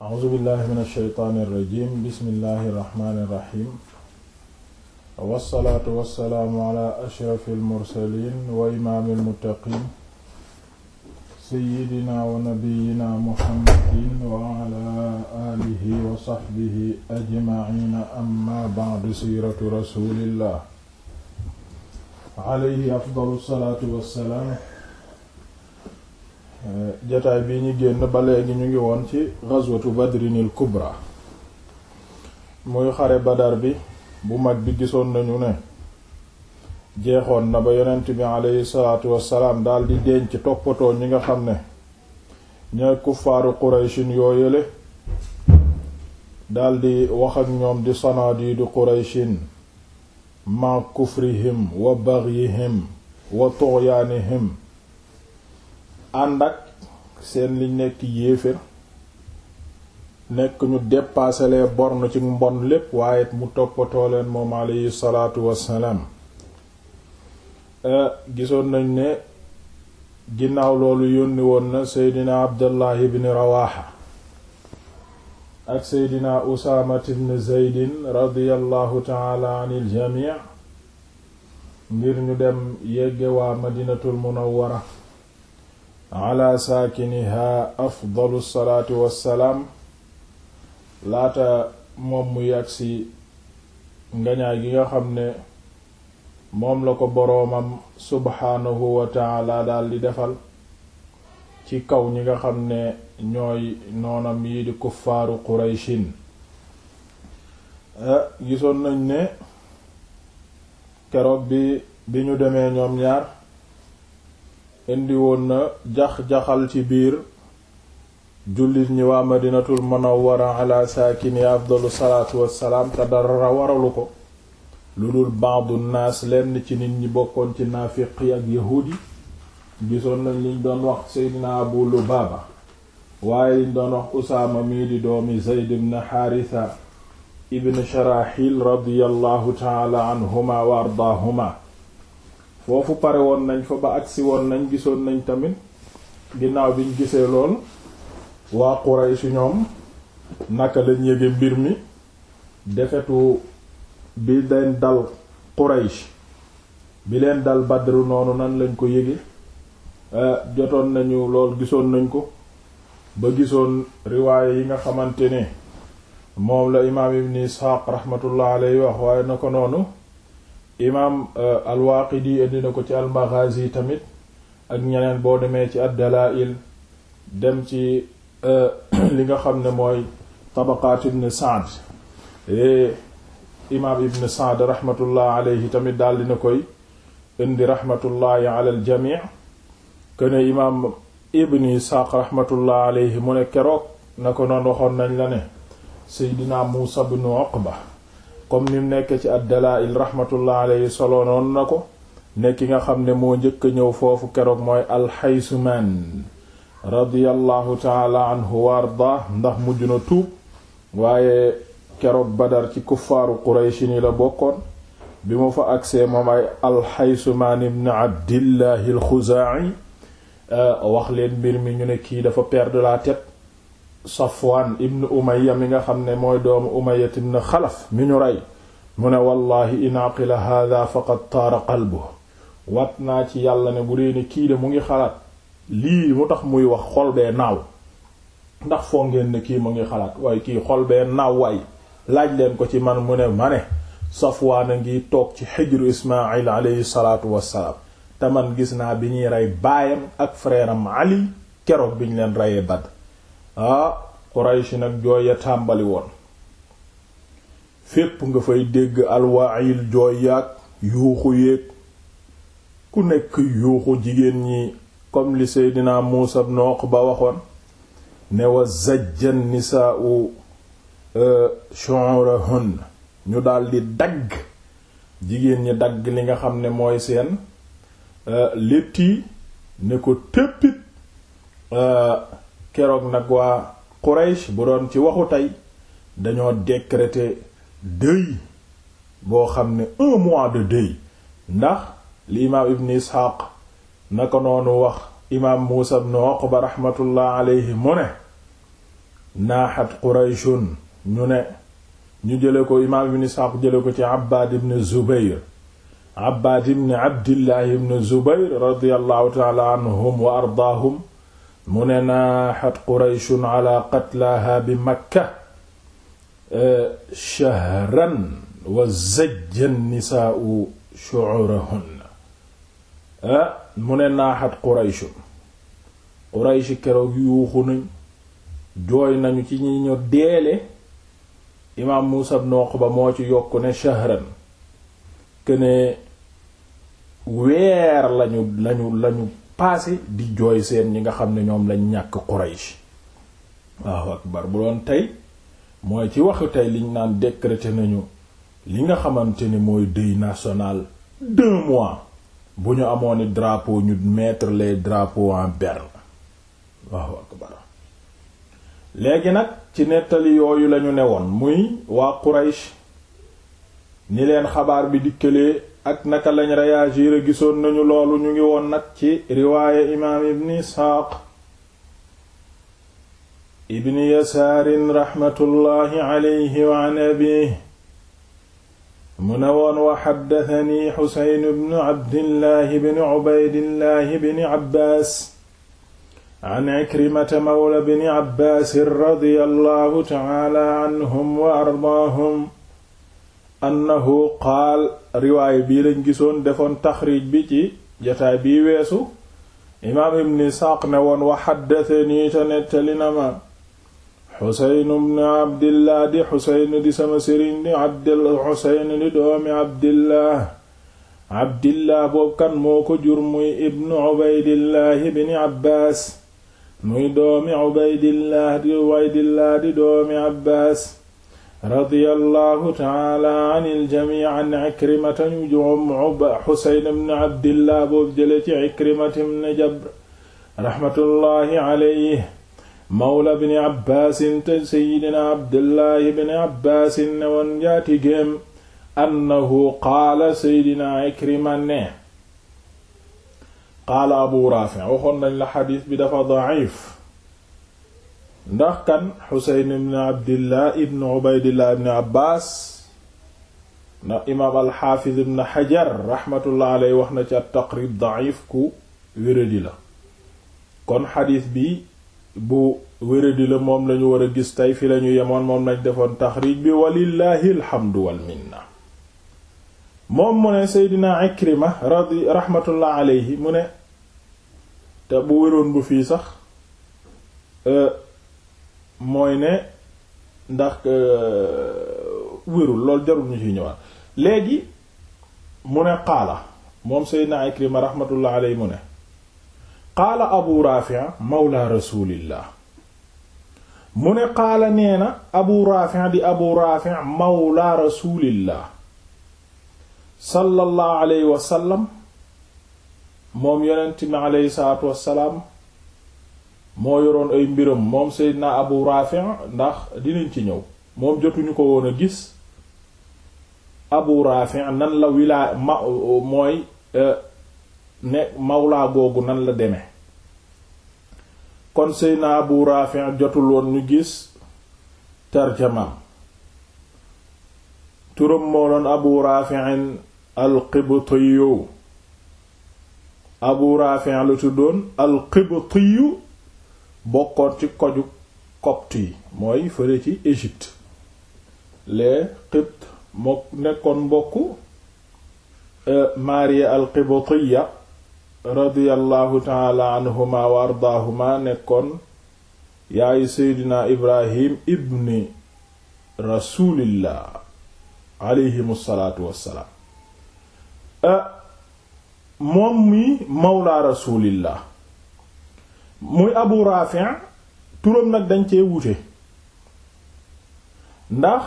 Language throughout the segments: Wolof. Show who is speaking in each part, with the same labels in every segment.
Speaker 1: a'uuzu billahi min alsheytaani irrajim bismillahi irrahmani irrahim wassalaatu wassalaamu ala ashrafi almursalin wa imaami almuttaqin seyidina wa nabiyina muhammadin wa ala alihi wa saxbihi ajmaina amma ba'du siiratu rasulillah alayhi afdalu salaatu wassalaam Euh, jotaay bi ñu génn ba léegi ñu ngi woon ci ghazwatu badrinil kubra muy xare badar bi bu mag bi gisoon nañu ne jeexoon na ba yonent bi aleyhi salaatu wassalaam daldi denc toppatoo ñi nga xam ne ña kuffaaru qurayshin yooyele daldi wax ak ñoom di sanadiidu qurayshin ma kufrihim wa bagyihim wa tughyanihim ànd ak seen liñ nekk yéefér nekk ñu dépassé les ci mbon lépp waaye mu toppatoo leen moom aleyhi salaatu wassalaam euh, gisoon nañ ne ginnaaw loolu yónni woon na seydina abdallah ibn rawaxa ak seydina usaamat ibn zeydin radiallahu taala an il jamii ngir ñu dem yegge waa madinatul munawwara ala saakiniha afdalu salaati wassalaam laata moom mu yagsi ngañaay gi nga xam ne moom la ko boroomam subhaanahu wa taala daldi defal ci kaw ñi nga xam ne ñooy noonam yi di kuffaaru qurayshin eh, gisoon nañ ne keroog bi bi ñu demee ñoom ñaar indi woon na jax-jaxal ci biir jullit ñi waa madinatul munawwara ala saakini afdalu salaatu wassalaam te waralu ko lu dul baadu naas lenn ci nit ñi bokkoon ci naafiq yi ak yahuudi gisoon nañ liñ doon wax seydina abu lubaaba waaye liñ doon wax usaama mii di doomi zayd ibn xaarisa ibn sharaxil radiyallahu taala anhuma wa ardaahuma foofu pare woon nañ fa ba agsi woon nañ gisoon nañ tamit ginnaaw bi ñu gisee lool waa Quraysh ñoom naka lañ yége mbir mi defetu bi leen dal Quraysh bi leen dal Badr noonu nan lañ ko yëge eh, jotoon nañu lool gisoon nañ ko ba gisoon riwaaye yi nga xamante ne moom la imaam ni Isxaaq rahmatullah alayhi wax waaye na ko noonu imaam euh, al-Waaqidi ko ci al-Maghaazi tamit ak ñeneen boo demee ci ad-Dalaa'il dem ci euh, li nga xam ne mooy tabaqaat ibn Sa'd e, imaam ibn Sa'd rahmatullah alayhi tamit daal dina koy indi rahmatullahi ala al-jamii kuene imaam ibn Isaaq rahmatullah alayhi mu ne keroog na ko noon waxoon nañ la ne Seydina Muusa ibn Uqba comme ni mu nekk ci ad-Dalaa'il rahmatullah alayhi solonoon na ko ne ki nga xam ne moo njëkk ñëw foofu keroog mooy al-Haysumaan radiyallahu taala anhu wa ndax mujj na tuub waaye keroog Badar ci kuffaaru Quraysh ni la bokkoon bi mu fa agsee moom ay al-Haysumaan ibn Abdillahi al euh, wax leen mbir mi ñu ne kii dafa perdre la tête Safwan ibn Umayya mi nga xam ne mooy doomu Umayya ibn Xalaf mi ñu rey mu ne wallahi in aqila hadha faqad taara qalbu wat naa ci yàlla ne bu dee kii de mu ngi xalaat lii mu tax muy wax xol naaw ndax foo ngeen kii mu ngi xalaat waaye kii xol bee naaw waaye laaj leen ko ci man mu ne ma ne Safwaan a ngi toog ci xijru Ismaayil aleyhi salaatu wassalaam te man gis naa bi ñuy rey baayam ak frère am Ali keroog bi ñu leen reyee Badr ah Quraysh nag jooy ya tàmbali woon fépp nga fay dégg alwaayil jooy yaag yuuxu yéeg ku nekk yuuxu jigéen ñi comme li Seydina Muusa ibn Uqba waxoon ne wa zajja nisaa'u e, shu'urahun ñu daldi dagg jigéen ñi dagg li nga xam ne mooy seen e, létt yi ne ko téppit e, keroog nag waa Quraysh bu doon ci waxu tey dañoo décréter deuil boo xam ne un mois de deuil ndax li imaam ibn Isxaaq naka noonu wax imaam Muusa ibn Uqba raxmatullah alayhi mu ne naaxat Qurayshun ñu ne ñu jële ko imaam ibn Isxaaq jële ko ci Abbaad ibn Zubayr Abbaad ibn Abdillahi ibn Zubayr radiyallahu taala anhum wa ardaahum mu ne naaxat qurayshun ala qatlaaha bi makka e, shahran wa zajja nisaau shu'urahunna e, mu ne naaxat qurayshun quraysh keroog yuuxu nañ jooy nañu ci ñi ñu deele imaam Muusa ibn Uqba moo ci yokk ne shahran këne weer lañu lañu lañu passé di jooy seen ñi nga xam ne ñoom lañ ñàkk Quraysh waaw akbar bu doon tey mooy ci waxu tey liñ naan décréter nañu li nga xamante ni mooy deuil national deux mois bu ñu amoon drapeau ñu metre les drapeaux en berne waaw akbar léegi nag ci nettali yooyu lañu ne woon muy waa Quraysh ni leen xabaar bi dikkalee ak naka lañ réagir gisoon nañu loolu ñu ngi woon nag ci riwaaya imaam ibn isxaaq ibn yasaarin raxmatullaahi alayhi wa an abiih mu wa xaddatani xuseyn bnu abdillahi bni cubaydillahi bni an ikrimata mawla bni cabbaasin radiyallaahu tacaala anhum wa ardaahum annahu qaal riwaay bii lañ gisoon defoon taxrij bi ci jataay bii weesu imaam ibn isxaaq ne woon wa xaddatanii te nettali na ma xuseyn bnu abdillah di xuseyn di sama sëriñ di doomi abdillah abdillah boobu kan moo ko jur muy ibnu ubaydillah bni abbaas muy doomi ubaydillah di ubaydillah di doomi abbaas radiyallahu taala an iljami an ikrimata ñu joom xusayn ibn abdillah boobu jële ci ikrimata ibn jabr raxmatullahi alayhi mawla bni abbaasin te seydina abdullahi bni abbaasin ne woon njaatigéem annahu qaala seydina ikrima ne qaala abu raafi waxoon nañ la xadiis bi dafa daciif ndax kan xuseyn ibn abdillah ibn ubaydillah ndax imaam alxaafiz ibn xajar raxmatullah wax na ci at taqrib daif ku wéradi la kon xadiis bi bu wéradi la moom lañu war a gis tey fi lañu yemoon moom lañ defoon taxrij bi walillahi alxamdu walminna moom mu ne seydina ikrima raxmatullah aleyhi mu ne te bu wéroon bu fii sax euh, mooy ne ndax euh, wérul loolu jarul ñu ci ñëwaat léegi mu ne qaala moom seydna ikrima rahmatullah mu ne qaala abu raafi' mawla rasulillah mu ne qaala nee na abu raafi' di abu raafi' mawla rasulillah sallallahu alayhi wa sallam moom yonent mi aleyhi salaatu wassalaam moo yoroon ay mbiram moom naa Abu Rafi ndax dinañ ci ñëw moom jotuñu ko woon a gis Abu Rafi nan la wilaa ma mooy euh, ne mawlaa googu nan la deme kon Seydina Abu Rafi jotul woon ñu gis tarjamaam turam moo doon Abu Rafi al-Qibtiyu Abu Rafi la tuddoon al-Qibtiyu bokkoon ci koju copte yi mooy fëre ci Égypte les Qibt moo nekkoon mbokku euh, Maariya al-Qibtiyya radiyallahu taala anhuma wa ardaahuma nekkoon yaayu seydina Ibrahim ibni rasulillah aleyhim salaatu wassalaam euh, moom mi mawla rasulillah muy abu raafi' turam nag dañ cee wuute ndax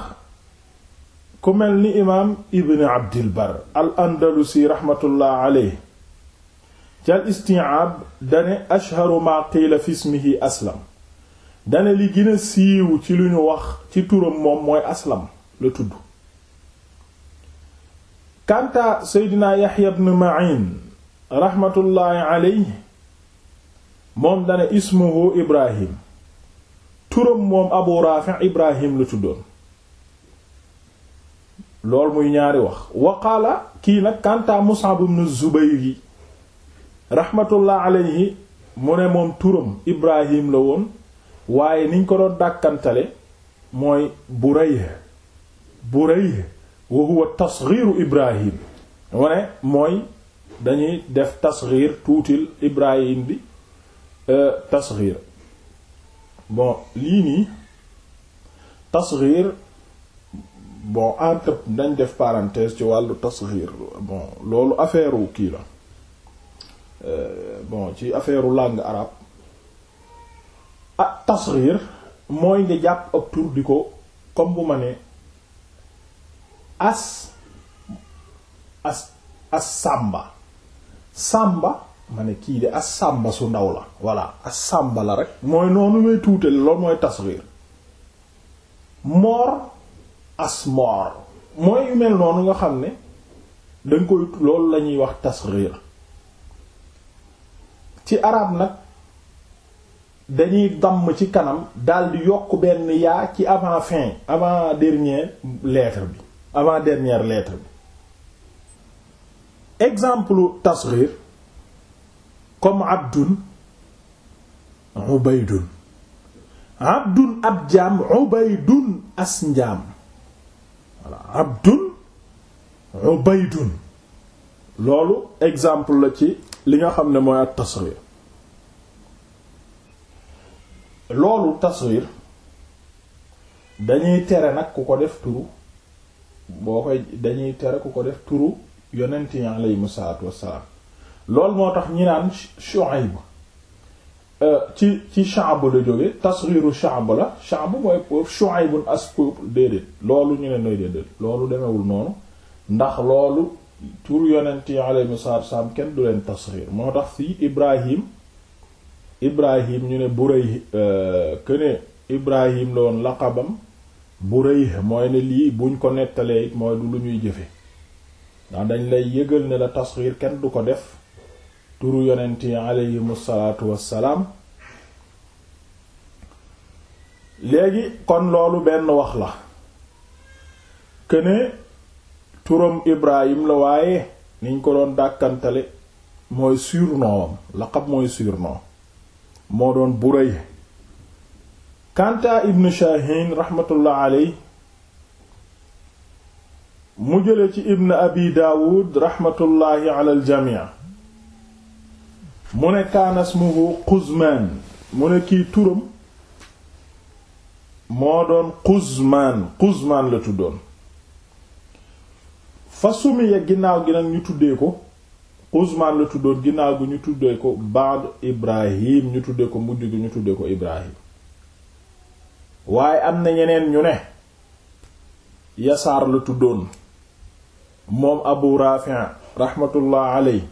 Speaker 1: ku mel ni imaam ibn abdil bar al andalusi raxmatullah aleyhi ca al dane ashharu ma qiila aslam dane li gën a ci lu ñu wax ci turam moom mooy aslam la tudd kanta seydina yaxya ibn ma'in raxmatullaahi aleyhi moom dane ismuhu ibrahim turam moom abu raafi ibrahim la tuddoon loolu muy ñaari wax waqaala kii nag kantaa mus'ab ibn zubayri rahmatullah alayhi mu ne moom turam ibrahim la woon waaye niñ ko doon dàkkantale mooy burayh burayh wa huwa tasghiru ibrahim mu mooy dañuy def tasghir tuutil ibrahim bi Euh, tasghir bon lii nii tasghir bon entre dañ def parenthèse ci wàllu tasghir loolu affaire wu kii la euh, bon ci affaire u langue arabe ah, mooy nga jàpp ab tur di ko comme bu ma ne as as as sàmba sàmba ma ne kii de asamba su ndaw la voilà asamba la rek mooy noonu may tuutale loolu mooy tasghir moor asmoor mooy yu noonu nga xam ne danga koy loolu la ñuy wax tasghir ci arab nag dañuy damm ci kanam di yokk benn yaa ci avant fin avant dernière lettre bi avant dernière leetre bi exemple tasghir comme abdun ubaydun abdun ab jaam ubaydun as njaam voilà abdun ubaydun loolu exemple la ci li nga xam ne mooy at tasghir loolu tasghir dañuy tere nag ku ko def turu boo koy dañuy tere ku ko def turu yonent yi alayhimu salaatu wassalaam loolu moo tax ñi naan Shuayb euh, ci ci Sha'b la jóge tasriru Sha'b la Sha'b mooy peuple Shuaybun as peuple déedéet loolu ñu ne nooy déedéet loolu demewul noonu ndax loolu tur yonent yi alayhi salaatu salaam kenn du leen tasrir moo tax fii Ibrahim Ibrahim ñu ne Burayh këne euh, Ibrahim la woon laqabam Burayh mooy ne lii buñ ko nettalee it mooy du lu ñuy jëfe ndax dañ lay yëgal ne la tasrir kenn du ko def turu yonent yi aleyhimu léegi kon loolu benn wax la këne turam Ibrahim la waaye niñ ko doon dàkkantale mooy surnom laqab mooy surnom moo doon Buray Kanta Ibn Shahin rahmatullah mu jële ci Ibn Abi Daawud rahmatullahi ala jamii mu ne kaanas mu Quzmaan mu ne kii turam moo doon Quzmaan Quzmaan la tuddoon fa sumiya ginnaaw gi nag ñu tuddee ko Quzmaan la tuddoon ginnaaw gi ñu tuddee ko baad Ibrahim ñu tuddee ko mujj gi ñu tuddee ko Ibrahim waaye am na ñeneen ñu ne Yasaar la tuddoon moom Abu Raafi' rahmatullah alayhi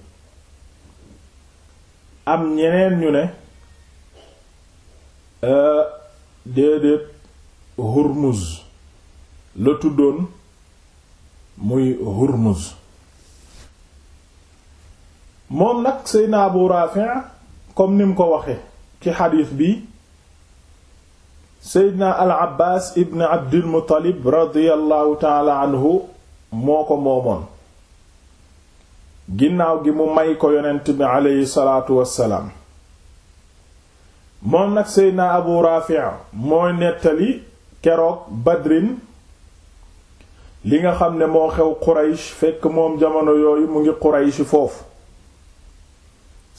Speaker 1: am ñeneen ñu ne euh, déedéet Hurmuz la tuddoon muy Hurmuz moom nag Seydina Abu Rafi' comme ni mu ko waxe ci xadiis bi Seydina Al Abbaas ibn Abdul Muttalib radiyallahu taala anhu moo ko moomoon ginnaaw gi mu may ko yonent bi aleyhi salaatu wassalaam moom nag seydna abu raafi mooy nettali keroog badrin li nga xam ne moo xew quraysh fekk moom jamono yooyu mu ngi quraysh foofu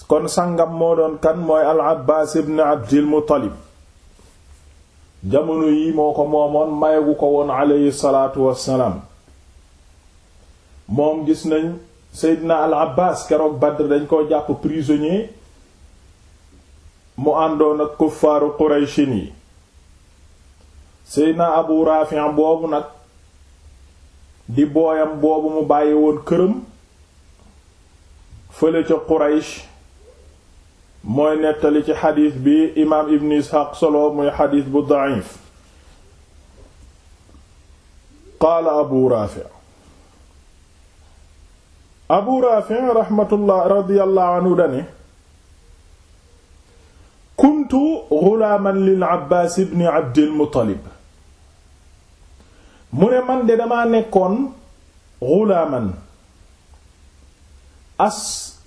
Speaker 1: kon sàngam moo doon kan mooy al abbaas ibn abdil muttalib jamono yi moo ko moomoon mayagu ko woon aleyhi salaatu wassalaam moom gis nañ Seydina al Abbas keroog Badr dañ koo jàpp prisonnier mu àndoon ak kuffaaru Qurayshin yi Seydina Abu Rafi boobu nag di booyam boobu mu bàyyi woon këram fële ca Quraysh mooy nettali ci xadiis bi imaam Ibn Ishaq solo muy xadiis bu da'if qaala Abu Rafi abu raafi raxmatullah radiyallahu anhu dane kuntu ghulaaman lil abbaas ibn abdil muttalib mu ne man de damaa nekkoon ghulaaman as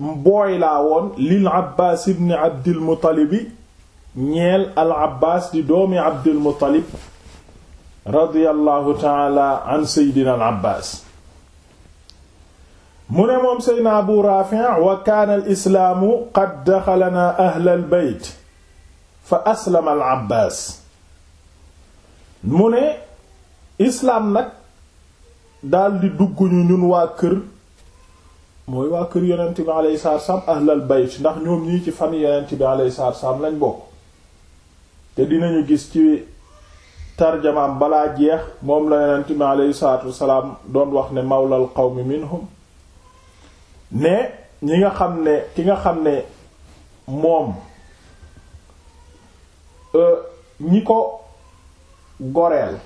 Speaker 1: mbooy laa woon lil abbaas ibn abdil muttalibi ñeel al abbaas di doomi abdil muttalib radiyallahu taala an seydina al abbaas mu ne moom seydna abu raafi' wa kaana al islaamu qad daxalanaa ahlal beyt fa aslama al abbaas mu ne islaam nag daldi dugguñu ñu ñun waa kër mooy waa kër yonent bi alayhi ahlal bayt ndax ñoom ñii ci fan yonent bi alayhi salaatu lañ bokk te dinañu gis ci tarjamaam balaa jeex moom la yonent bi alayhi doon wax ne mawlal qawmi minhum ne ñi nga xam ne ki nga xam ne moom euh, ñi ko goreel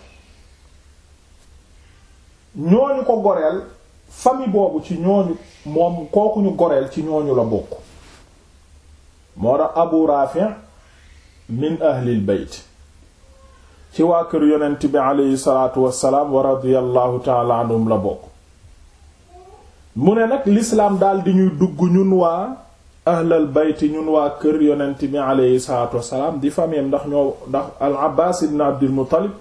Speaker 1: ñooñu ko goreel famille boobu ci ñooñu moom kooku ñu goreel ci ñooñu la bokk moo tax abu rafi min ahlil beyt ci waa kër yonent bi aleyhi salaatu wassalaam wa radiyallahu taala la bokk mu ne nag lislaam daal di ñuy dugg ñun waa ahlal bayti ñun waa kër yonent bi aleyhi salaatu wasalaam di famille ndax ñoo ndax al abbas ibn abdul muttalib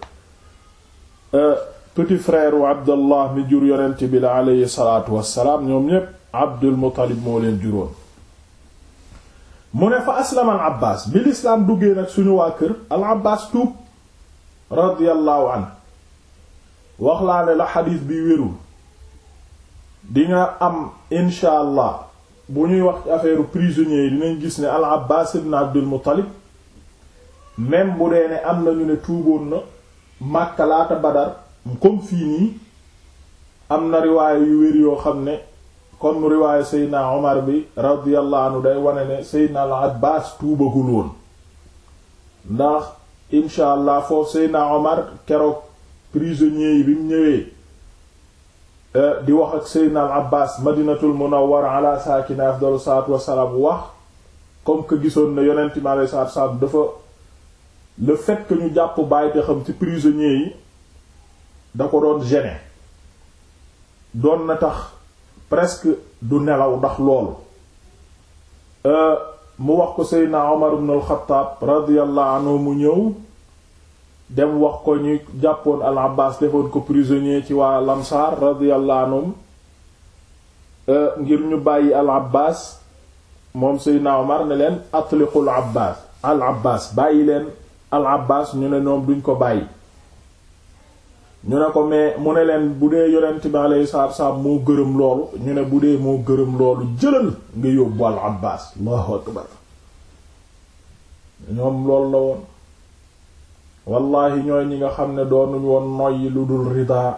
Speaker 1: euh, abdallah mi jur yonent bi la aleyhi salaatu wasalaam ñoom ñépp abdul muttalib moo leen juróon mu ne fa aslama al abbas bi lislaam duggee nag suñu waa kër al abbas tuub radiyallahu anhu wax laa ne la xadiis bi wérul dinga am incha allah bu ñuy wax ci affaire prisonniers yi dinañ gis ne al abbas ibn abdul muttalib même bu dee ne am nañu ne tuuboon na Makka laata Badar comme fii nii am na riwaaya yu wér yoo xam ne comme riwaaya Seydina Omar bi radiyallahu anhu day wane ne Seydina al abbas tuubagul woon ndax incha allah foofu Seydina Omar keroog prisonniers yi bi mu ñëwee Euh, di wax ak Seydina al Abbas madinatul munawwara ala saakina afdalu salaatu wassalaam wax comme que gisoon na yonent mi alayhi salaatu wassalaam dafa le fait ñu jàpp bàyyi te xam ci prisonniers yi da ko doon gêner doon na tax presque du nelaw ndax loolu euh, mu wax ko Seydina Omar ibn al-Khattab radiyallahu mu ñëw dem wax ko ñu jàppoon al abbas defoon ko prisonnier ci waa lamsaar radiyallahu anhum euh, ngir ñu bàyyi al abbas moom seydna omar ne leen atliqul abbas al abbas bàyyi leen al abbas ñu ne ñoom duñ ko bàyyi ñu ne ko mais mu ne leen bu dee yonent bi alayhi salaatu wasalaam moo gërëm loolu ñu ne bu dee moo gërëm loolu jëlal nga yóbbu al abbas allahu akbar ñoom loolu la woon wallahi ñooy ñi nga xam ne doonuñ woon noyyi lu dul ridaa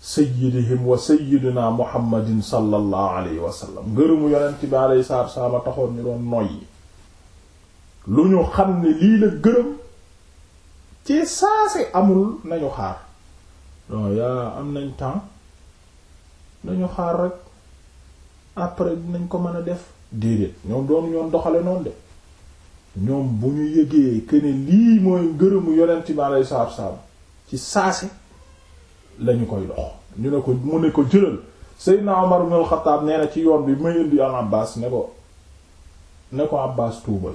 Speaker 1: sayyidihim wa sayyidina muhammadin sallallahu alayhi wa sallam ngërëmu yonent bi alayhi salaatu wassalaam a taxoon ñu doon noyyi lu ñu xam ni lii la gërëm ci saase amul nañu xaar yaa am nañ temps nañu xaar rek après dinañ ko mën a def déedéet ñoom doon ñoon doxale noonu de ñoom bu ñu yégee que ne lii mooy ngërëmu yonent bi alayhi salaatu wassalaam ci saase lañu koy dox ñu ne ko mu ne ko jëlal Seydina Omar ibn al-Khattab nee na ci yoon bi may indi al Abbas ne ko ne ko Abbas tuubal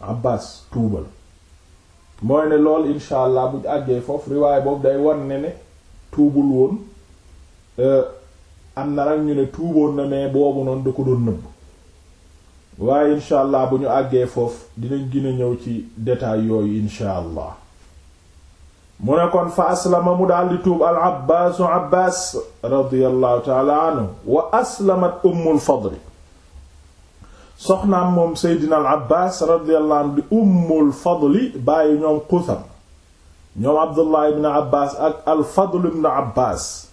Speaker 1: Abbas tuubal mooy ne lool insha allah bu àggee foofu riwaay boobu day wan ne ne tuubul woon euh, am na rek ñu ne tuuboon na mais boobu noonu da ko doon nëbb waaye incha allah bu ñu àggee foofu dinañ gën ñëw ci détail yooyu incha allah mu ne kon fa aslama mu daldi tuub al abbaasu abbaas radiallahu taala anhu wa aslamat ummul fadli soxnaam moom seydina al abbaas radiallahu anhu di ummul fadli bàyyi ñoom xusam ñoom abdullah ibn abbas ak al fadl ibn abbas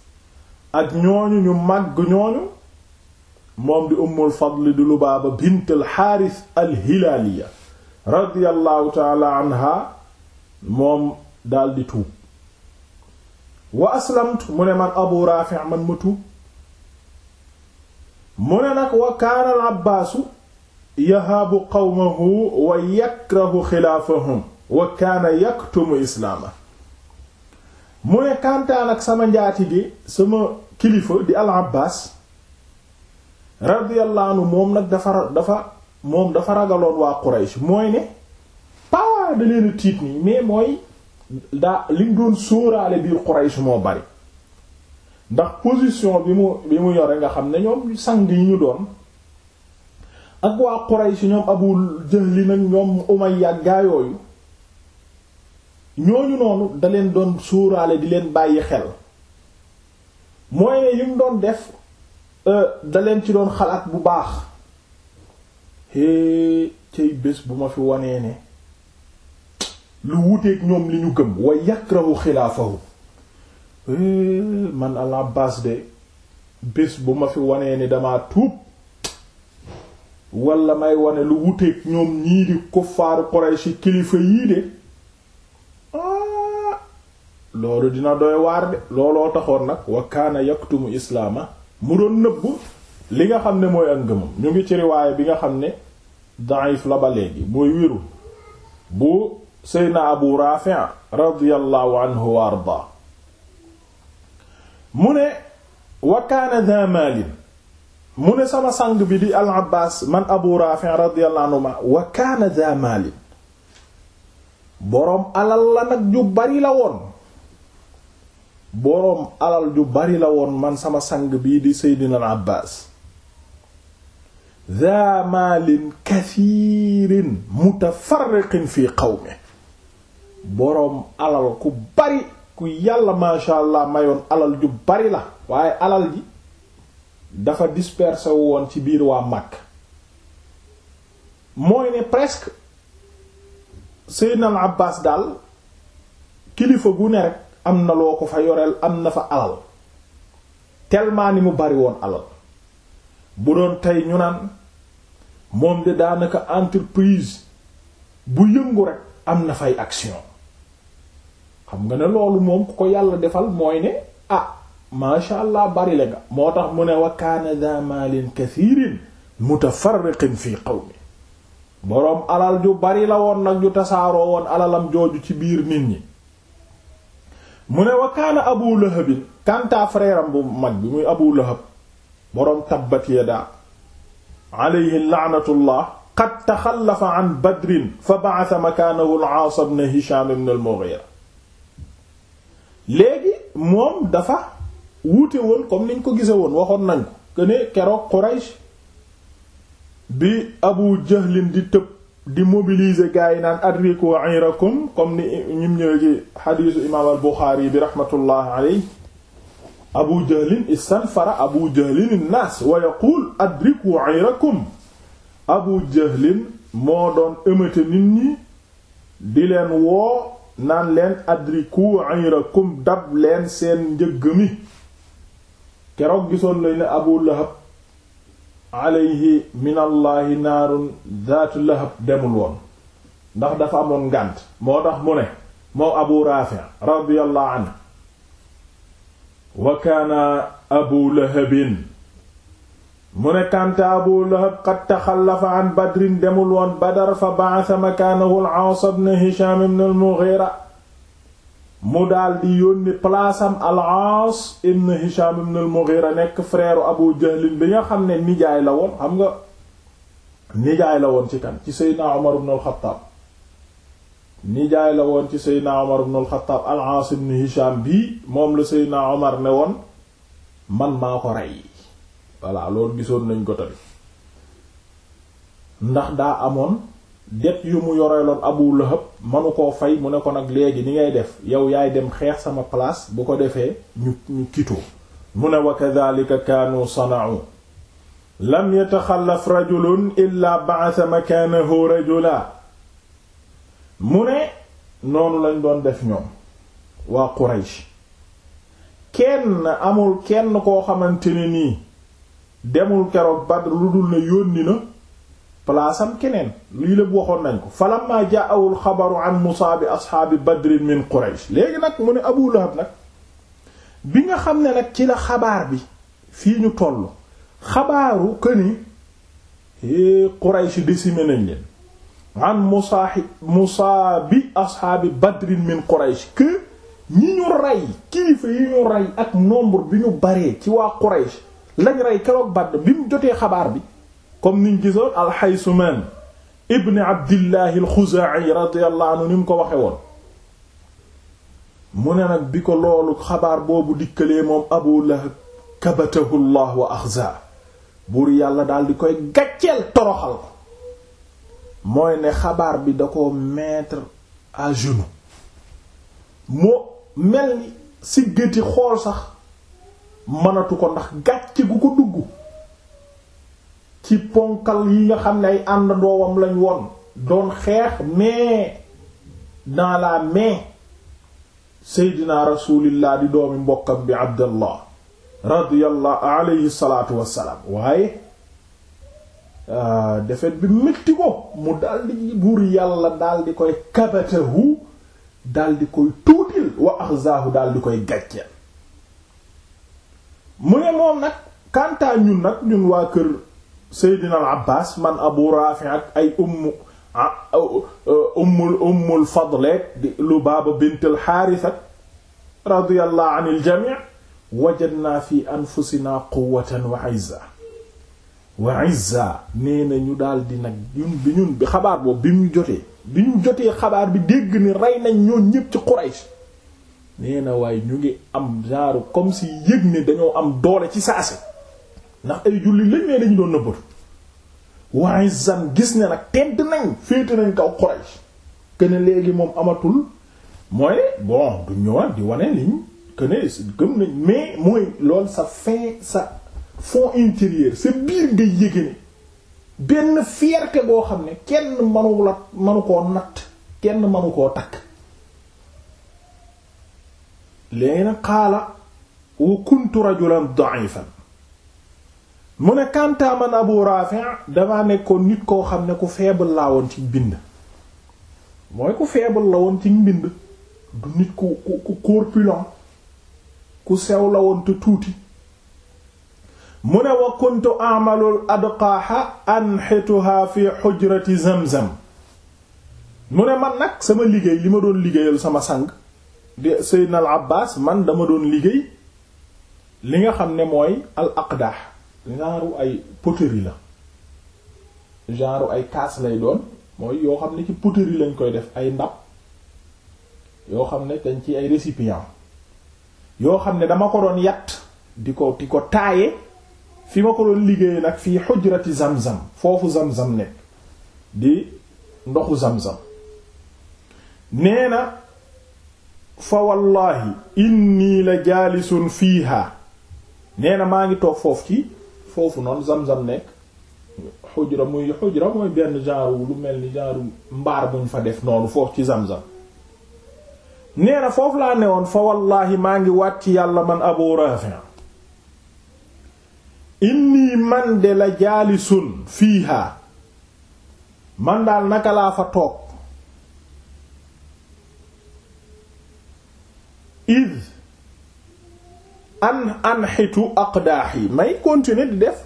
Speaker 1: ak ñooñu ñu màgg ñooñu moom di ummul fadl di lubaaba bint al xaaris al hilaaliya radiyallahu taala anha moom daldi tuub wa aslamtu mu ne man abu raafi man ma tuub mu ne nag wa kaana al abbaasu yahaabu qawmahu wa yakrahu xilaafahum wa kaana yaktumu islaama mu ne kantaan ak sama njaati gi sama kilifa di al abbaas radiyallahu anhu moom nag dafa dafa moom dafa ragaloon waa Quraysh mooy ne pas da leen tiit nii mais mooy daa li mu doon sóoraale biir Quraysh moo bari ndax position bi mu bi mu yore nga xam ne ñoom sang yi ñu doon ak waa Quraysh ñoom Abu Jahl nag ñoom Umayya gaa ñooñu noonu da doon sóoraale di leen bàyyi xel mooy ne li mu doon def Euh, da leen ci doon xalaat bu baax hee cay bés bu ma fi wanee ne lu wuteeg ñoom li ñu gëm wa yakrahu xilaafahu man al Abbaas de bés bu ma fi wanee ni damaa tuub wala may wane lu wuteeg ñoom ñii di kuffaaru Quraysh kilifa yii de ah, loolu dina doy waar de looloo taxoon nag wa kaana yaktumu islaama mu doon nëbbu li nga xam ne mooy ak ñu ngi ci riwaaya bi nga xam ne daif la ba léegi mooy wérul bu seyna abu raafi' radiyallahu anhu wa ardaa mu ne wa kaana maalin mu ne sama sang bi di al abbaas man abu raafi' radiyallahu anhu ma wa maalin boroom alal la nag ju bari la woon boroom alal ju bari la woon man sama sang bii di seydina al abbaas daa maalin kathiirin mutafarriqin fi qawmi boroom alal ku bari ku yàlla masha allah mayoon alal ju bari la waaye alal ji dafa dispersé woon ci biir waa Makka mooy ne presque seydina al abbaas daal kilifa gu ne rek am na loo ko fa yoreel am na fa alal tellement ni mu bari woon alal bu doon tey ñu naan moom de daanaka entreprise bu yëngu rek am na fay action xam nga ne loolu moom ku ko yàlla defal mooy ne ah masha allah bari la nga moo tax mu ne wa kaana da maalin kathirin mutafarriqin fi qawmi boroom alal ju bari la woon nag ju tasaaroo woon alalam jooju ci biir nit ñi mu ne wa kaana abu lahabin kantaa frère bu mag bi muy abu lahab boroom tabbat yadaa alayhi la'natullah qad taxallafa an badrin fa ba'atha makaanahu al-aas ibn hisham ibn al-mughira léegi moom dafa wuute woon comme niñ ko gise woon waxoon nañ ko keroog Quraysh bi abu jahlin di tëb di mobiliser gars yi naan adriku ayrakum comme ni ñim ñëwee ci xadiisu imaam al Buxaari bi rahmatullah aley abu jahlin istanfara abu jahlin naas wa yaquul adriku ayrakum abu jahlin moo doon ëmmëte nit ñi di leen woo naan leen adriku ayrakum dab leen seen njëgg mi keroog gisoon lañu ne abu lahab alayhi minallahi naarun zaatu lahab demul woon ndax dafa amoon ngànt moo tax mu ne moo abu raafi radiyallahu anhu wa kaana abu lahabin mu ne kànta abu lahab qad taxallafa an badrin demul woon badar fa ba'atha makaanahu al-aas ibn hisham ibn al-mughira mu daal di yónni palaasam al-Aas ibn Hisham ibn al-Mughira nekk frère Abu Jahl bi nga xam ne nijaay la woon xam nga nijaay la woon ci kan ci Seydina Umar ibn al-Khattab nijaay la woon ci Seydina Umar ibn al-Khattab al ibn Hisham bii moom la Seydina Umar ne woon man maa ko rey voilà loolu gisoon nañ ko tamit ndax daa amoon det yu mu yoreeloon Abu Lahab manu koo fay mu ne ko nag léegi ni ngay def yow yaay dem xeex sama place bu ko defee ñu ñu kitoo mu ne wa kadhalika kaanu sana'u lam yataxallaf rajulun illa ba'atha makaanahu rajula mu ne noonu lañ doon def ñoom waa Quraysh kenn amul kenn koo xamante ne nii demul keroog Badr lu dul ne yónni na place am keneen lii lépp waxoon nañ ko falamma jaa'awul xabaru an musaabi asxaabi badrin min quraysh léegi nag mu ne abu lahab nag bi nga xam ne nag ci la xabaar bi fii ñu toll xabaaru këni eh, quraysh décimé nañ leen an musaahi bi asxaabi badrin min quraysh que ñi ñu rey kilifa yi ñu rey ak nombre bi ñu baree ci waa quraysh lañ rey keroog Badr bi mu jotee xabaar bi comme niñ gisoon alxaysumaan ibni abdillahi alxuzaa'i radiyallahu anhu ni mu ko waxe woon mu ne nag bi ko loolu xabaar boobu dikkalee moom abu lahab kabatahu llah buur yàlla daal di koy gàcceel toroxal ko mooy ne xabaar bi da ko mettre à genoux moo mel ni siggati xool sax mënatu ko ndax gàcce gu ko dugg ci ponkal yi nga xam ne ay ànd doowam lañ woon doon xeex mais dans la main seydina rasulillah di doomi mbokkam bi abdallah radiyallahu alayhi salaatu wassalaam waaye euh, defet bi métti ko mu daldi buur yàlla daldi koy kabatahu daldi koy tuutil wa axzaahu daldi koy gàcceel mu ne moom nag kantaa ñun nag ñun waa kër Seydina al Abbas man Abu Rafi ak ay ummu ah, uh, ummul ummul Fadl di Lubaaba bint al Haaris ak radiyallahu anil jamii wajadna fi anfusina quwwatan wa izza waa izza nee na ñu daal di nag ñun bi ñun bi xabaar bi ñu jotee bi ñu jotee xabaar bi dégg ni rey nañ ñoon ñépp ci Quraysh nee na waaye ñu ngi am genre comme si yëg ni dañoo am doole ci saase ndax ay julli lañ ne dañu doon nëbbatu waaye zan gis ne nag tedd nañ féete nañ kaw Quraysh kene léegi moom amatul mooy bon du ñëwaat di wane liñ kene gëm nañ mais mooy lool sa fin sa fond intérieur sa biir nga yëge ne benn fierté boo xam ne kenn manu la manu natt kenn manu koo takk léegi nag xaala wa kuntu rajulan da'ifan mu ne Kantaa man Abu Rafi' damaa nekkoon nit koo xam ne ku feebal laa woon ci mbind mooy ku faible la woon ci mbind du nit ku ku ku corpulent ku sew la woon te tuuti mu ne wa kuntu amalul adqaaxa anxituha fi xujrati zamzam mu ne man nag sama liggéey li ma doon liggéeyal sama sang de Seydina Abbaas man dama doon liggéey li nga xam ne mooy al aqdah genre ay poterie la genre ay kaas lay doon mooy yoo xam ne ci poterie lañ koy def ay ndab yoo xam ne dañ ci ay récipient yoo xam ne dama ko doon yàtt di ko di ko taaye fi ma ko doon liggéeye nag fii xujrati zam-zam foofu zam-zam nekk di ndoxu zam-zam nee na fa wallahi inni la jaalisun fiiha nee na maa ngi toog foofu ci foofu noonu zam-zam nekk xujra muy xujra mooy benn genre lu mel ni genre mbaar buñ fa def noonu foofu ci zam-zam foofu laa newoon fa wallaahi maa ngi waat ci yàlla man abu rafi inni man de la jaalisun fiiha man daal naka laa fa toog id an an xitu aqdaax yi may continuer di def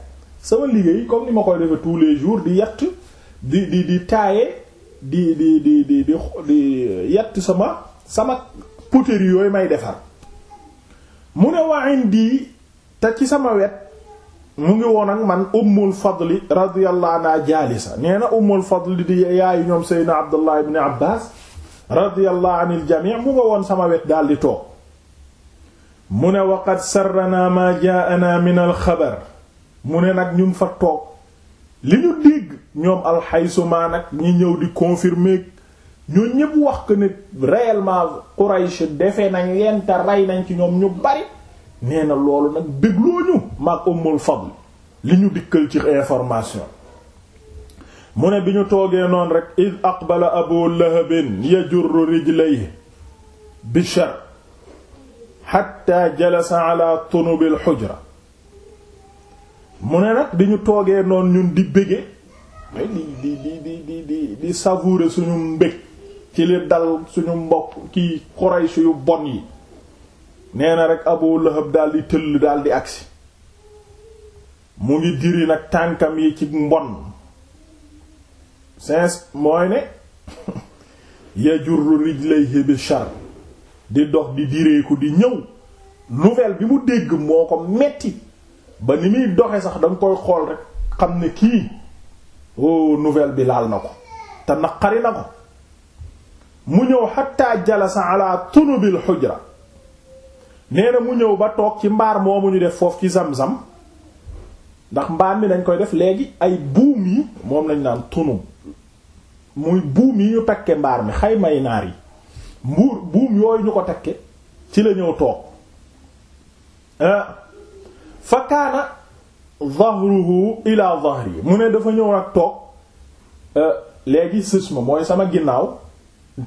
Speaker 1: sama liggéey comme ni ma koy defee tous les jours di yatt di di di taaye di di di di di di sama sama poterie yooyu may defar mu ne waa indi te ci sama wet mu ngi woon ak man ummul fadli radiyallahu anha jaalisa nee na ummul fadli di yaayu ñoom seydna abdullah ibn abbas radiyallahu anil jami' mu nga woon sama wet daal di toog mu ne waqad sarranaa maa jaa'anaa min alxabar mu ne nag ñun fa toog li ñu dégg ñoom alxaysumaa nag ñi ñëw di confirmer ñoo ñépp wax que ne réellement Quraysh defe na leen te rey nañ ci ñoom ñu bari nee na loolu nag dégloo ñu maag Ummul Fadl li ñu dikkal ci information mu ne bi ñu toogee noonu rek id aqbala Abu Lahabin yajurru rijlayhi bishar xatta jalasa ala tunubil xujra mu ne nag di ñu toogee noonu ñun di bége di di di di di suñu mbég ci li dal suñu mbokk ki Quraysh yu bon yi neena na rek Abu Lahab daal di tëll daal di agsi mu ngi diri nag tànkam yi ci mbon sens mooy ne yajurru rijlayhi bi shar di dox di direeku di ñëw nouvelle bi mu dégg moo ko metti ba ni muy doxe sax da koy xool rek xam ne kii oh nouvelle bi laal na ko te naqari na ko mu ñëw xatta jalasa ala tunubil xujra nee na mu ñëw ba toog ci mbaar moomu ñu def foofu ci zam sam ndax mbaar mi dañ koy def léegi ay buum yi moom lañ naan tunub muy buum yi ñu takke mbaar mi xayma yi naar yi mbuur buum yooyu ñu ko takke ci la ñëw toog ah. fa kaana dhahruhu ila dhahri mu ne dafa ñëw nag toog ah, léegi sës mooy sama ginnaaw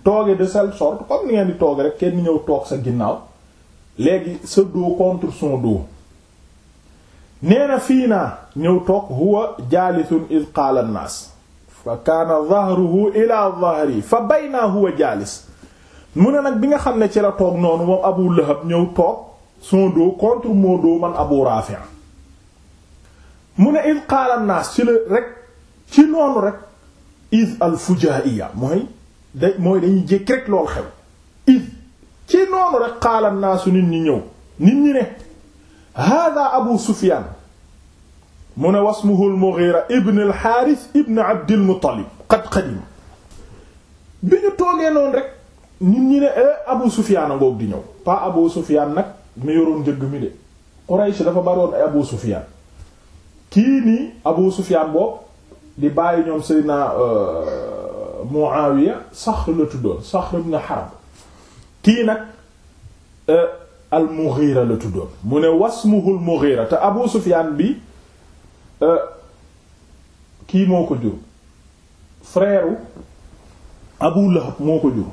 Speaker 1: tooge de telle sorte comme ni ngeen di tooge rek kenn ñëw toog sa ginnaaw léegi sa dos contre son dos nee fii naa ñëw toog huwa jaalisun id qaala an naas fa kaana dhahruhu ila dhahri fa naa huwa jaalis mu ne nag bi nga xam ne ci la toog noonu moom Abu Lahab ñëw toog son dos contre mon dos man Abu Rafi' mu ne id qaala ci la rek ci noonu rek id al fujaiya mooy day mooy dañuy jékk rek lool xew id ci noonu rek qaala nit ñi ñëw nit ñi ne hada Abu Sufyan mu ne wasmuhu al Mughira ibn al Harith ibn Abd al Muttalib qad qadim bi ñu toogee noonu rek nit ñi ne eh, Abu Sufyaan ngoog di ñëw pas Abu Sufyaan nag mi yoroon njëgg mi de Quraysh dafa baroon ay Abu Sufyaan kii nii Abu Sufyaan boobu di bàyyi ñoom Seydina euh, Muawiya Saxr la tuddoon Saxr ibn Harb kii nag euh, al Mughira la tuddoon mu ne wasmuhu al Mughira te Abu Sufyaan bi euh, kii moo ko jur frère Abu Lahab moo ko jur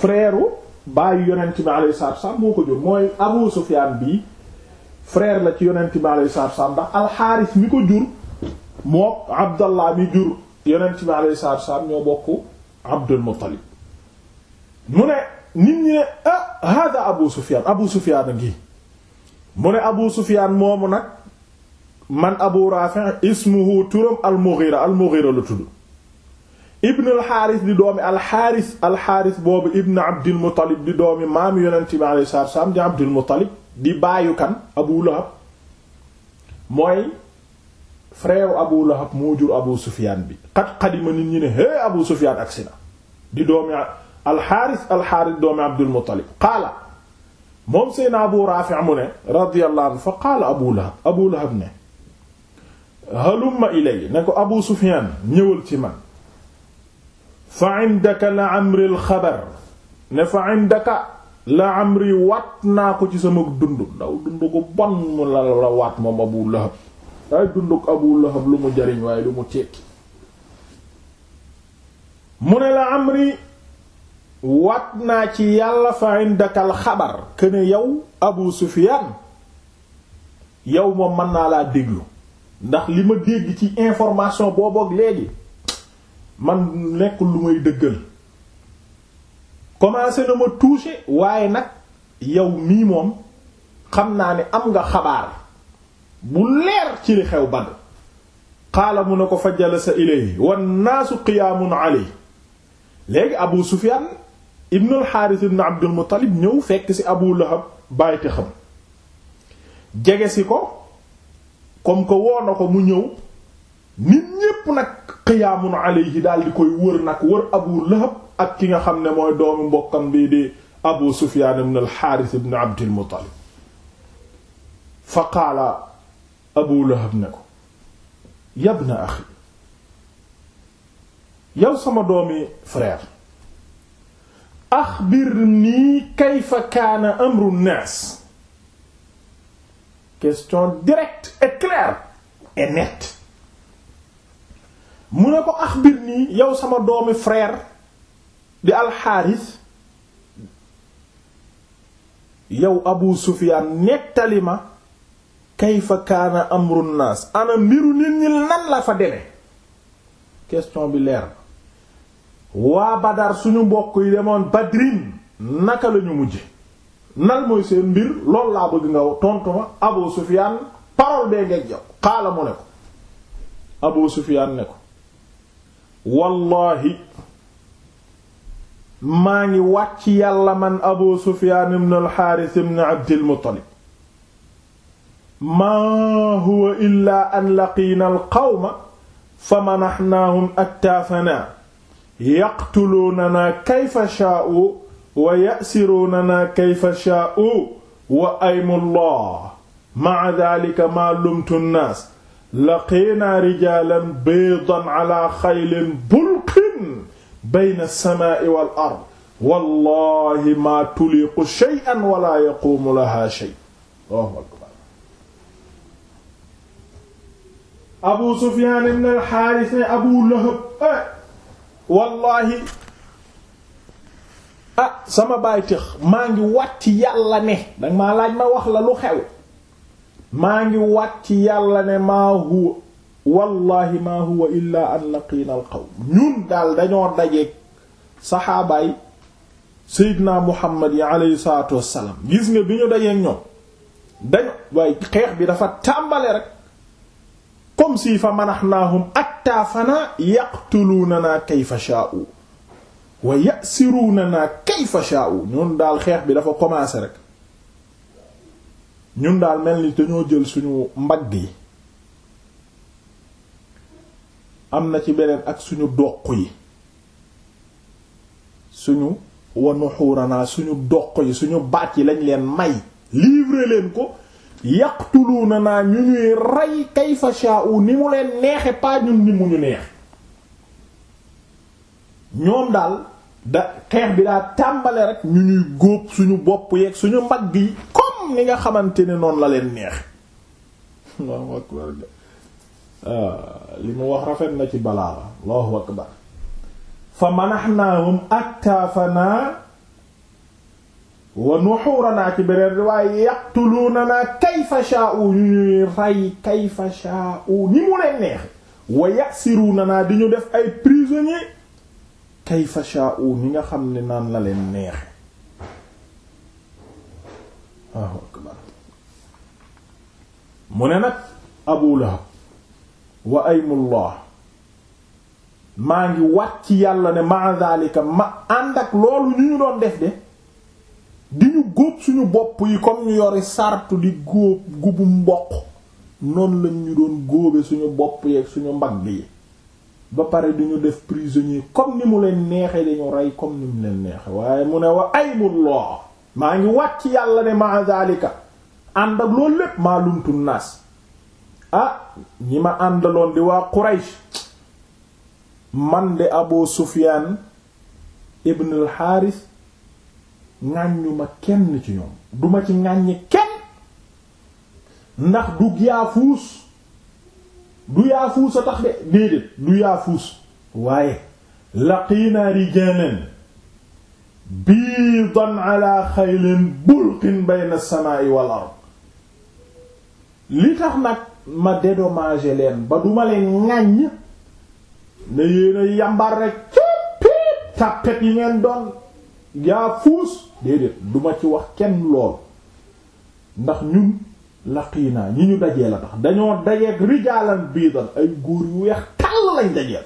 Speaker 1: frère baayu yonent bi alayhi salaatu wasallam moo ko jur mooy Abu Sufyaan bii frère la ci yonent bi alayhi salaatu wasallam ndax alxaaris mi ko jur moo Abdallah mi jur yonent bi alayhi salaatu ñoo bokk Abdul Muttalib mu ne nit ñi ne ah hada Abu Sufyaan Abu Sufyaan a ngi mu ne Abu Sufyaan moomu nag man Abu Raafi' ismuhu turam al-Mughira la tudd ibn alxaaris di doomi alxaaris boobu ibn abdilmutalib di doomi maami yonent bi alayhi salaatu di abdilmutalib di baayu kan abu lahab mooy frère abu lahab moo jur abu sufiyaan bi xat xadima nit ñi ne hé abu sufiyaan agsi na di doomi alxaaris alxaaris doomi abdilmutalib qaala moom seyna abu raafi mu ne radiyallahu anhu fa qaala abu lahab abu lahab ne halumma ilay ne ko abu sufiyaan ñëwal ci man fa indaka la amril xabar ne fa indaka la amri waat naa ko ci sama dund ndaw dund ko bon mu la la waat moom abu lahab ay dund abu lahab lu mu jariñ waaye lu mu tekki mu ne la amri waat naa ci yàlla fa indakal xabar këne yow abu sufiyaan yow moom mën naa laa déglu ndax li ma dégg ci information boobook léegi man nekkul lu may dëggal commencé na ma toucher waaye nag yow mii moom xam naa ni am nga xabaar bu leer ci li xew Badr xaala mu ne ko fa jalasa ilayhi wan naasu qiyaamun alayhi léegi Abu Sufyaan ibn al-Haaris ibn Abdul Muttalib ñëw fekk ci Abu Lahab bàyyite xam jege si ko comme que woo na ko mu ñëw nit ñépp nag xiyaamun alayhi daal di koy wër nag wër abu lahab ak ki nga xam ne mooy doomu mbokkam bi di abu sufyaan ibn alxaaris ibn abdil muttalib fa qaala abu lahab ne ko yabna axi yow sama doomi frère axbirnii kayfa kaana amru nnaas question directe et claire et nette mu ne ko axbir nii yow sama doomi frère di alxaaris yow abu sufiyaan nettali ma kayfa kaana amru naas ana mbiru nit ñi nan la fa deme question bi leer waa badar suñu mbokk yi demoon badrin naka lañu mujj nal mooy seen mbir loolu laa bëgg nga tontu ma abu sufiyaan parole bee ngeen jox ne ko abu sufiyaan ne ko wallaahi maa ngi wàcc yàlla man abu sufyaan ibn alxaaris ibn abdilmuttalib maa huwa illaa an laqiina alqawma fa manaxnaahum attaafanaa yaqtuluunanaa kayfa shaa'u wa yasiruunanaa kayfa shaa'u wa aymu llah ma'a daalika maa lumtu nnaas laqiina rijaalan biidan ala xaylin bulqin bayna as-samaa'i wal ard wallahi maa tuliqu shay'an wala yaquumu laha shay Allahu akbar Abu Sufyaan ibn al-Haaris ne Abu Lahab eh, wallahi ah sama baay tëx maa ngi wàcc yàlla ne danga maa laaj ma wax la lu xew maa ngi wàcc yàlla ne maa huwa wallahi maa huwa illaa an laqiina al qawm ñun daal dañoo dajeek saxaabaay seydinaa muhammad yi aleyhi salaatu wassalaam gis nga bi ñu dajeek ñoom dañu waaye xeex bi dafa tàmbale rek comme si ak manaxnaahum aktaafanaa yaqtuluunanaa kayfa shaa'u wa yasiruunanaa kayfa shaa'u ñun daal xeex bi dafa commencé rek ñun daal mel ni dañoo jël suñu mbagg yi am na ci beneen ak suñu doq yi suñu wanu xuuranaa suñu doq yi suñu baat yi lañ leen may livrer leen ko yaqtuluuna naa ñu ñuy rey kayfa sha'u ni mu leen neexe pas ni mu neex ñoom daal da xeex bi daa tàmbale rek ñu ñuy góob suñu bopp yeeg suñu mbagg yi comme ni nga xamante ne noonu la leen neex Allahu akbar ah, li mu wax rafet na ci balaa Allahu akbar fa manaxnaahum aktaafanaa wa nuxuuranaa ci beneen riwaay yaqtuluunanaa kayfa shaa'u ñu ñuy rey kayfa shaa'u ni mu leen neex wa yasiruunanaa di ñu def ay prisonniers kayfa sha'u ni nga xam ne naan la leen neexe waaw mu ne nag Abu Lahab wa aymullah maa ngi wàcc yàlla ne ma zalika ma ànd ak loolu ñu ñu doon def de di ñu góob suñu bopp yi comme ñu yori sartu di góob gubu mboq noonu lañ ñu doon góobe suñu bopp yeeg suñu mbagg yi ba pare du ñu def prisonnier comme ni mu leen neexee dañu rey comme ni mu leen neexe waaye mu ne wax wa loo maa ngi wàcc yàlla ne ma zalika ànd ak loolu lépp maa lumtu naas ah ñi ma àndaloon di waa Quraysh man de Abu Sufyaan ibn al Haaris ŋàññu ma kenn ci ñoom duma ci ŋàññi kenn ndax du yaafuus du yaafuus a tax de déedéet du yaafuus waaye laqiina rijaalan biidan ala xaylin bulqin bayna samaa'i wal ard li tax nag ma dédommager leen ba duma leen ŋàññ ne yéena yambar rek coppiit tàppet yi ngeen doon yaafuus déedéet duma ci wax kenn lool ndax ñun laqiinaa ñi ñu dajee la tax dañoo dajeeg rijaalan biidan ay góor yu weex tàll lañ dajeel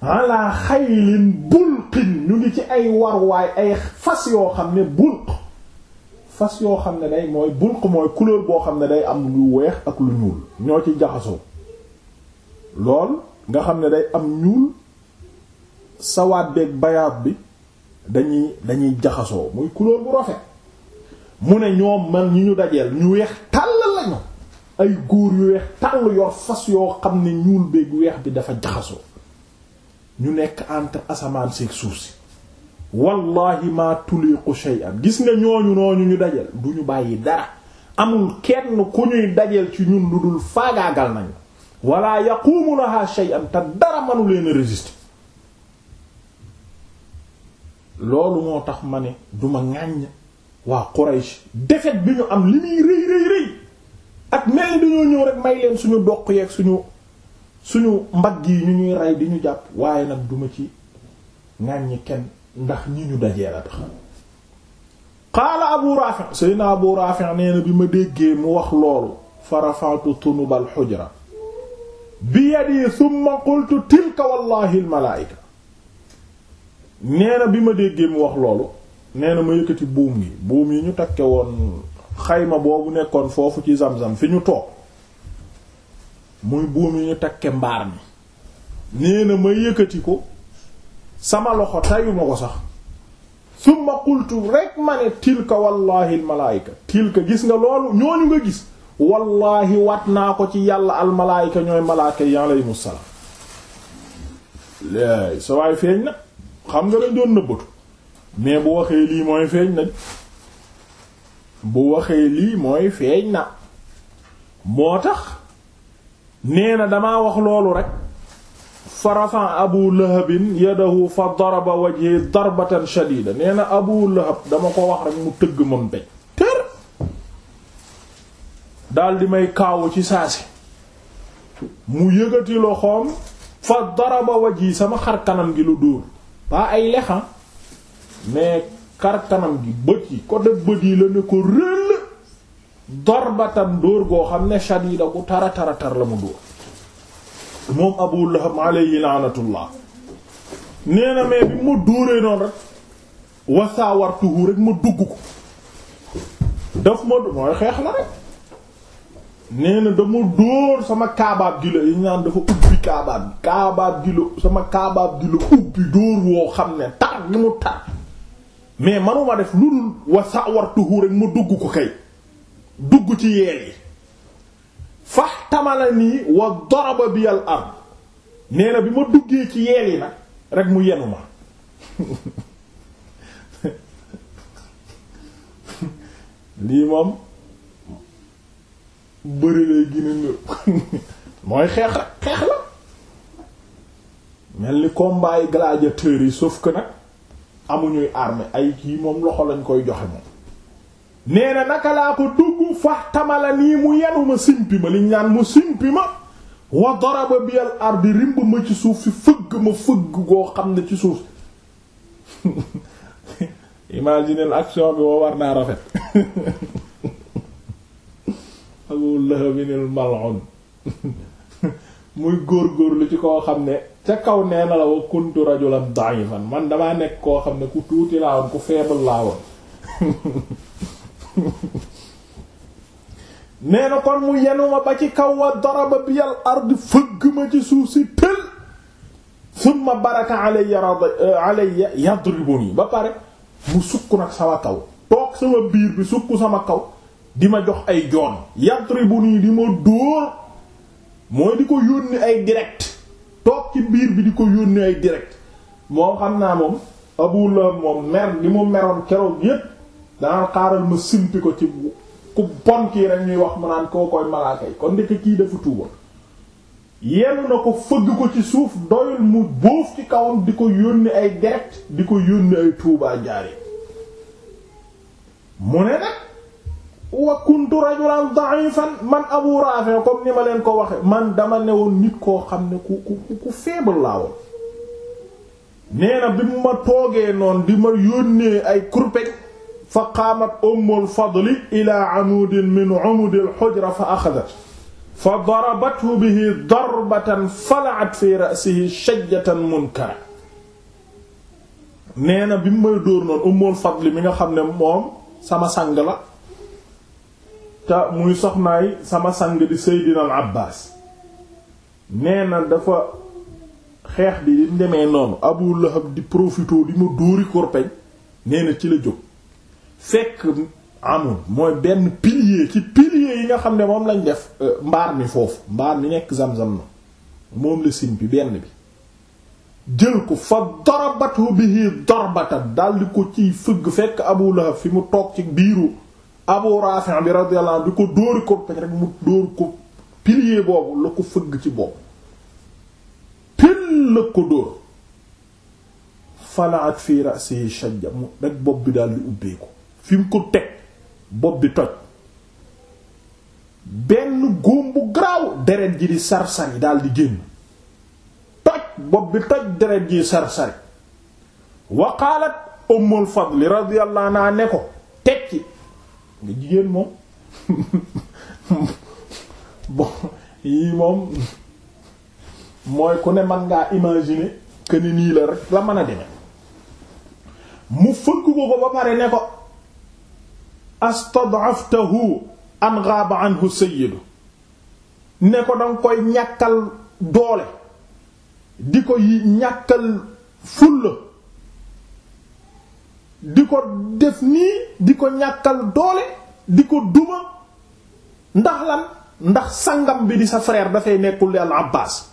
Speaker 1: ala xaylin bulqin ñu ngi ci ay warwaay ay fas yoo xam ne bulq fas yoo xam ne day mooy bulq mooy couleur boo xam ne day am lu weex ak lu ñuul ñoo ci jaxasoo lool nga xam ne day am ñuul sawaat beeg bayaat bi dañuy dañuy jaxasoo muy couleur bu rafet mu ne ñoom man ñu ñu dajeel ñu weex tàll lañu ay góor yu weex tàll yor fas yoo xam ne ñuul beeg weex bi dafa jaxasoo ñu nekk entre asamaan seeg suuf si wallahi maa tuliqu shay'an gis nga ñooñu nooñu ñu dajeel du ñu bàyyi dara amul kenn ku ñuy dajeel ci ñun lu dul faagaagal nañu wala yaquumu laha shay'an te dara mënu leen résister loolu moo tax ma ne duma ŋàññ waa Quraysh defet bi ñu am li muy rëy rëy rëy ak mel ni dañoo ñëw rek may leen suñu doq yeeg suñu suñu mbagg yi ñu ñuy rey di ñu jàpp waaye nag duma ci ŋàññi kenn ndax ñi ñu dajee la tax qaala abu raafi sayna abu raafi nee bi ma déggee mu wax loolu fa rafaatu tunubal xujra bi yadi summa qultu tilka wallahi al malaayika bi ma déggee mu wax loolu nee na ma yëkkati buum yi buum yi ñu takke woon xayma boobu nekkoon foofu ci zam-zam fi ñu toog muy buum yi ñu takke mbaar mi nee na yëkkati ko sama loxo tayuma ko sax summa qultu rek ma ne tilka wallahi al tilka gis nga loolu ñooñu nga gis wallahi wat naa ko ci yàlla al malaayika ñooy malaaka yi alayhimus salaam léegi sa waay feeñ na xam nga lañ doon nëbbatu mais bu waxee lii mooy feeñ na bu waxee lii mooy feeñ na moo tax nee na dama wax loolu rekk fa rafa abu lahabin yadahu fa daraba wajhi darbatan shadida nee na abu lahab dama ko wax rek mu tëgg mam beñ tër daal may kaawu ci saa si mu yëgati loxoom fa daraba wajhi sama xar kanam gi lu dóor ba ay lexa ah. mais kar kanam gi bët yi côté bët yi la ne ko rëll darbatan dóor goo xam ne shadida bu tara tara tar la mu dóor moom Abu Lahab alayhi laanatullah nee na mais ma dóoree noonu rek wasaawartuhu rek ma dugg ko daf ma mooy xeex la rek nee na dama dóor sama kaabaab gi la yi naan dafa ubbi kaabaab bi kaabaab gi la sama kaabaab gi la ubbi dóor woo xam ne tar gi mu tar mais manuma def lu dul wa sa'wartuhu rek ma dugg ko kay dugg ci yeel yi fahtamala nii wa daraba bi al ard nee na bi ma duggee ci yeel yi nag rek mu yenu ma lii moom bëri lay gini mooy xeex rek xeex la mel ni combat gladiateur yi sauf ko nag amuñuy armée ay kii moom loxo lañ koy joxe moom nee na naka laa ko dugg faxtamala nii mu yenu ma simpi ma liñ naan mu simpi ma wa daraba bi al ardi rimb ma ci suuf fi fëgg ma fëgg goo xam ne ci suuf imaginez action bi woo war naa rafet Abu Lahab al muy góor góorlu ci koo xam ne ca kaw nee na la wa kuntu rajulan da'ifan man damaa nekk koo xam ne ku tuuti laa woon ku faible laa woon nee na kon mu yenuma ba ci kaw wa daraba bi al ard fëgg ma ci suuf si tël summa baraka alayya eh, alayya yadribuni ba pare mu sukk nag sama kaw toog sama biir bi sukk sama kaw di ma jox ay joon yadribuni di ma dóor mooy di ko yónni ay direct toog ci biir bi di ko yónnee ay direct moom xam naa moom Abu Lahab moom mer li mu meroon keroog yépp danaan xaaral ma simpi ko ci ku bon kii ñuy wax mu naan koo koy malaaka yi kon ndeke kii dafa tuuba yenn na ko fëgg ko ci suuf doyul mu bóof ci kaw di ko yónni ay direct di ko yónni ay tuubaa jaare mu ne nag wa kuntu rajulan da'ifan man abu rafi comme ni ma leen ko waxe man dama newoon nit koo xam ne ku ku ku faible laa woon nee bi mu ma toogee noonu di ma yónnee ay kurpeñ fa qaamat ummul fadli ila amudin min umudil hujra fa axadat fa darabathu bihi darbatan fala'at fi ra'sihi shajjatan munkara nee na bi mu may dóor noonu ummul fadli mi nga xam ne moom sama sang la ta muy soxnaay sama sang di Seydina al Abbaas nee na dafa xeex bi di demee noonu Abu Lahab di profitoo di ma dóori korpeñ nee na ci la jóg fekk amul mooy benn pilier ci pilier yi nga xam ne moom lañ def euh, mbaar mi foofu mbaar mi nekk zam-zam na moom la simpi benn bi jël ko fa darabatu bihi darbatan daldi ko ciy fëgg fekk Abu Lahab fi mu toog ci biiru Abu Rafi bi radiyallahu bi ko dóori ko pej rek mu dóor ko pilier boobu la ko fëgg ci bopp pil la ko dóor falaat fii ra'si shajja mu bopp bi daal di ubbeeku fi mu ko teg bopp bi toj benn góom bu garaaw deret ji di sarsari daal génn toj bopp bi toj deret ji sarsari wa qaalat ummul fadli radiyallahu anha ne ko teg ci nga jigéen moom bon yii moom mooy ku ne man ngaa imaginer que ni nii la rek la mën a deme mu fëgg ko ko ba pare ne ko astadaftahu an ghaba anhu sayyidu ne ko danga koy ñàkkal doole di ko yi ñàkkal fulla di ko def nii di ko ñàkkal doole di ko duma ndax lan ndax sangam bi di sa frère dafay nekkul al Abbaas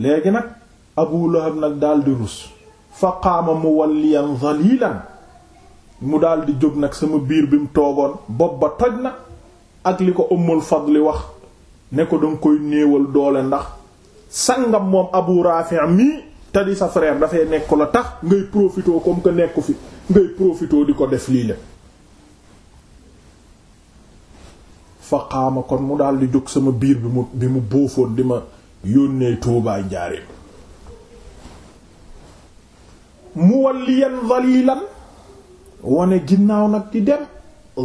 Speaker 1: léegi nag Abu Lahab nag daldi rus fa qaama muwalliyan dhalilan mu daldi jóg nag sama biir bi mu toogoon bopp ba toj na ak li ko Ummul li wax ne ko danga koy néewal doole ndax sangam moom Abu Rafi' mi te di sa frère dafay nekk la tax ngay profité comme que nekku fi ngay profité di ko def lii la fa kon mu daal di jóg sama biir bi mu bi mu boofoon di ma yónnee tuubaay njaareem mu walliyan zalilan wane ginnaaw nag di dem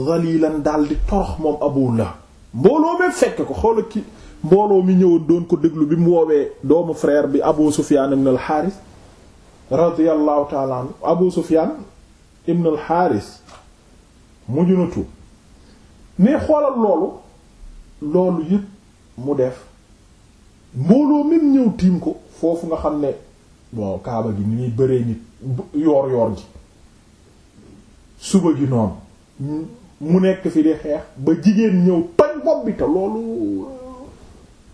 Speaker 1: zalilan daal di torox moom abu la mbooloo mee fekk ko xoola ki mbooloo mi ñëwoon doon ko déglu bi mu woowee doomu frère bi Abu Sufyan ibn al-Haris radiyallahu ta'ala Abu Sufyan ibn al-Haris mujj na tuub xoolal loolu loolu yëpp mu def mbooloo mi ñëw tiim ko foofu nga xam ne bon kaaba gi ni ñuy bëree nit yoor yoor gi suba gi noonu mu nekk fi di xeex ba jigéen ñëw toj bopp bi te loolu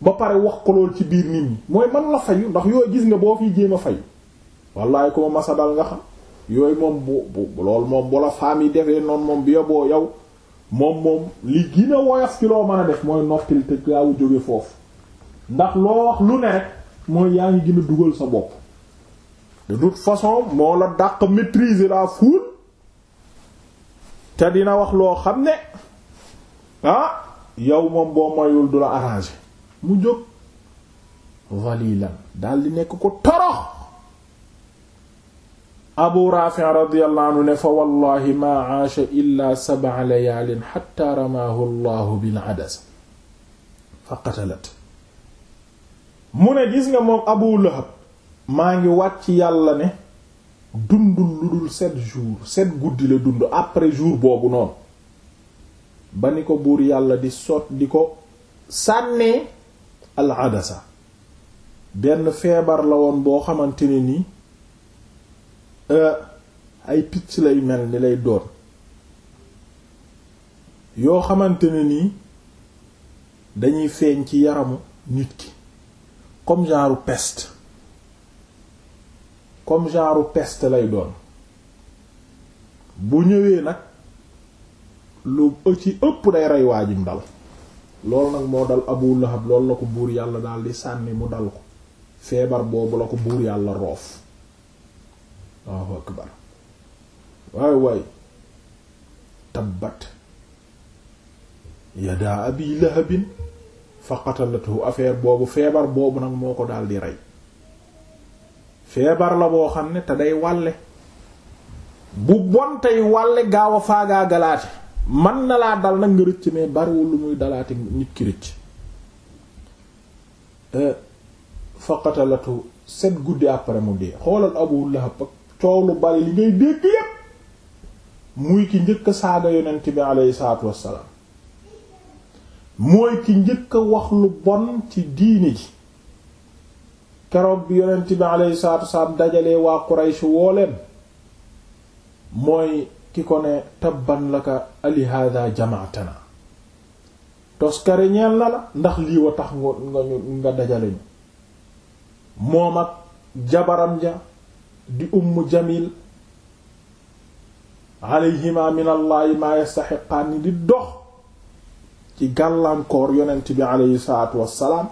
Speaker 1: ba pare wax ko loolu ci biir nit ñi mooy man la fayu ndax yooyu gis nga boo fi jéem a fayu wallaay ko ma masa nga xam yooyu moom bu bu loolu moom bu la defee noonu moom bi yoboo yow moom moom li gën a woyof loo mën a def mooy noppil te gaawu foofu ndax loo lu ne rek yaa ngi gën dugal sa bopp façon moo la dàq maîtriser la foule te dina wax loo xam ne ah moom boo mayul du la arranger mu jóg zalilan daldi nekk ko torox abu raafi radiyallahu ne fa wallahi ma aasha illa sab'a layaalin hatta ramaahu allahu bil adas fa qatalat mu ne gis nga moom abu lahab maa ngi wàcc yàlla ne dundul lu dul sept jours sept guddi la dund après jour boobu noonu ba ni ko buur yàlla di sot di ko sànnee al adasa benn feebar la woon boo xamante ni nii euh, ay picc lay mel ni lay doon yoo xamante ne nii dañuy feeñ ci yaramu nit ki comme genre peste comme genre peste lay doon bu ñëwee nag lu ci ëpp day rey waajum dal loolu nag moo dal Abu Lahab loolu la ko buur yàlla daal di sànni mu dal ko feebar boobu la ko buur yàlla roof waaw akbar waay waay tabbat abi lahabin fa qatalatu affaire boobu feebar boobu nag moo ko daal di rey feebar la boo xam ne te day wàlle bu bon tey wàlle gaaw a faagaagalaate man na laa dal nag nga rëcc mais bariwul lu muy dalaati nit ki rëcc euh, faqatalatu set guddi après mu dee xoolal Abu Lahab coow lu bari li ngay dégg yépp muy ki njëkk saaga yonent bi aleyhi salaatu wassalaam mooy ki njëkk wax lu bon ci diini ji keroog bi yonent bi aleyhi salaatu wassalaam dajalee waa Quraysh woo leen mooy ki ko ne tabban laka alihada jamaatana toskare na la ndax lii wa tax nga nga dajale moom ak jabaram ja di umm jamil alayhima min allaahi maa yastaxiqaan di dox ci gàllankoor yonent bi aleyhi salaatu wassalaam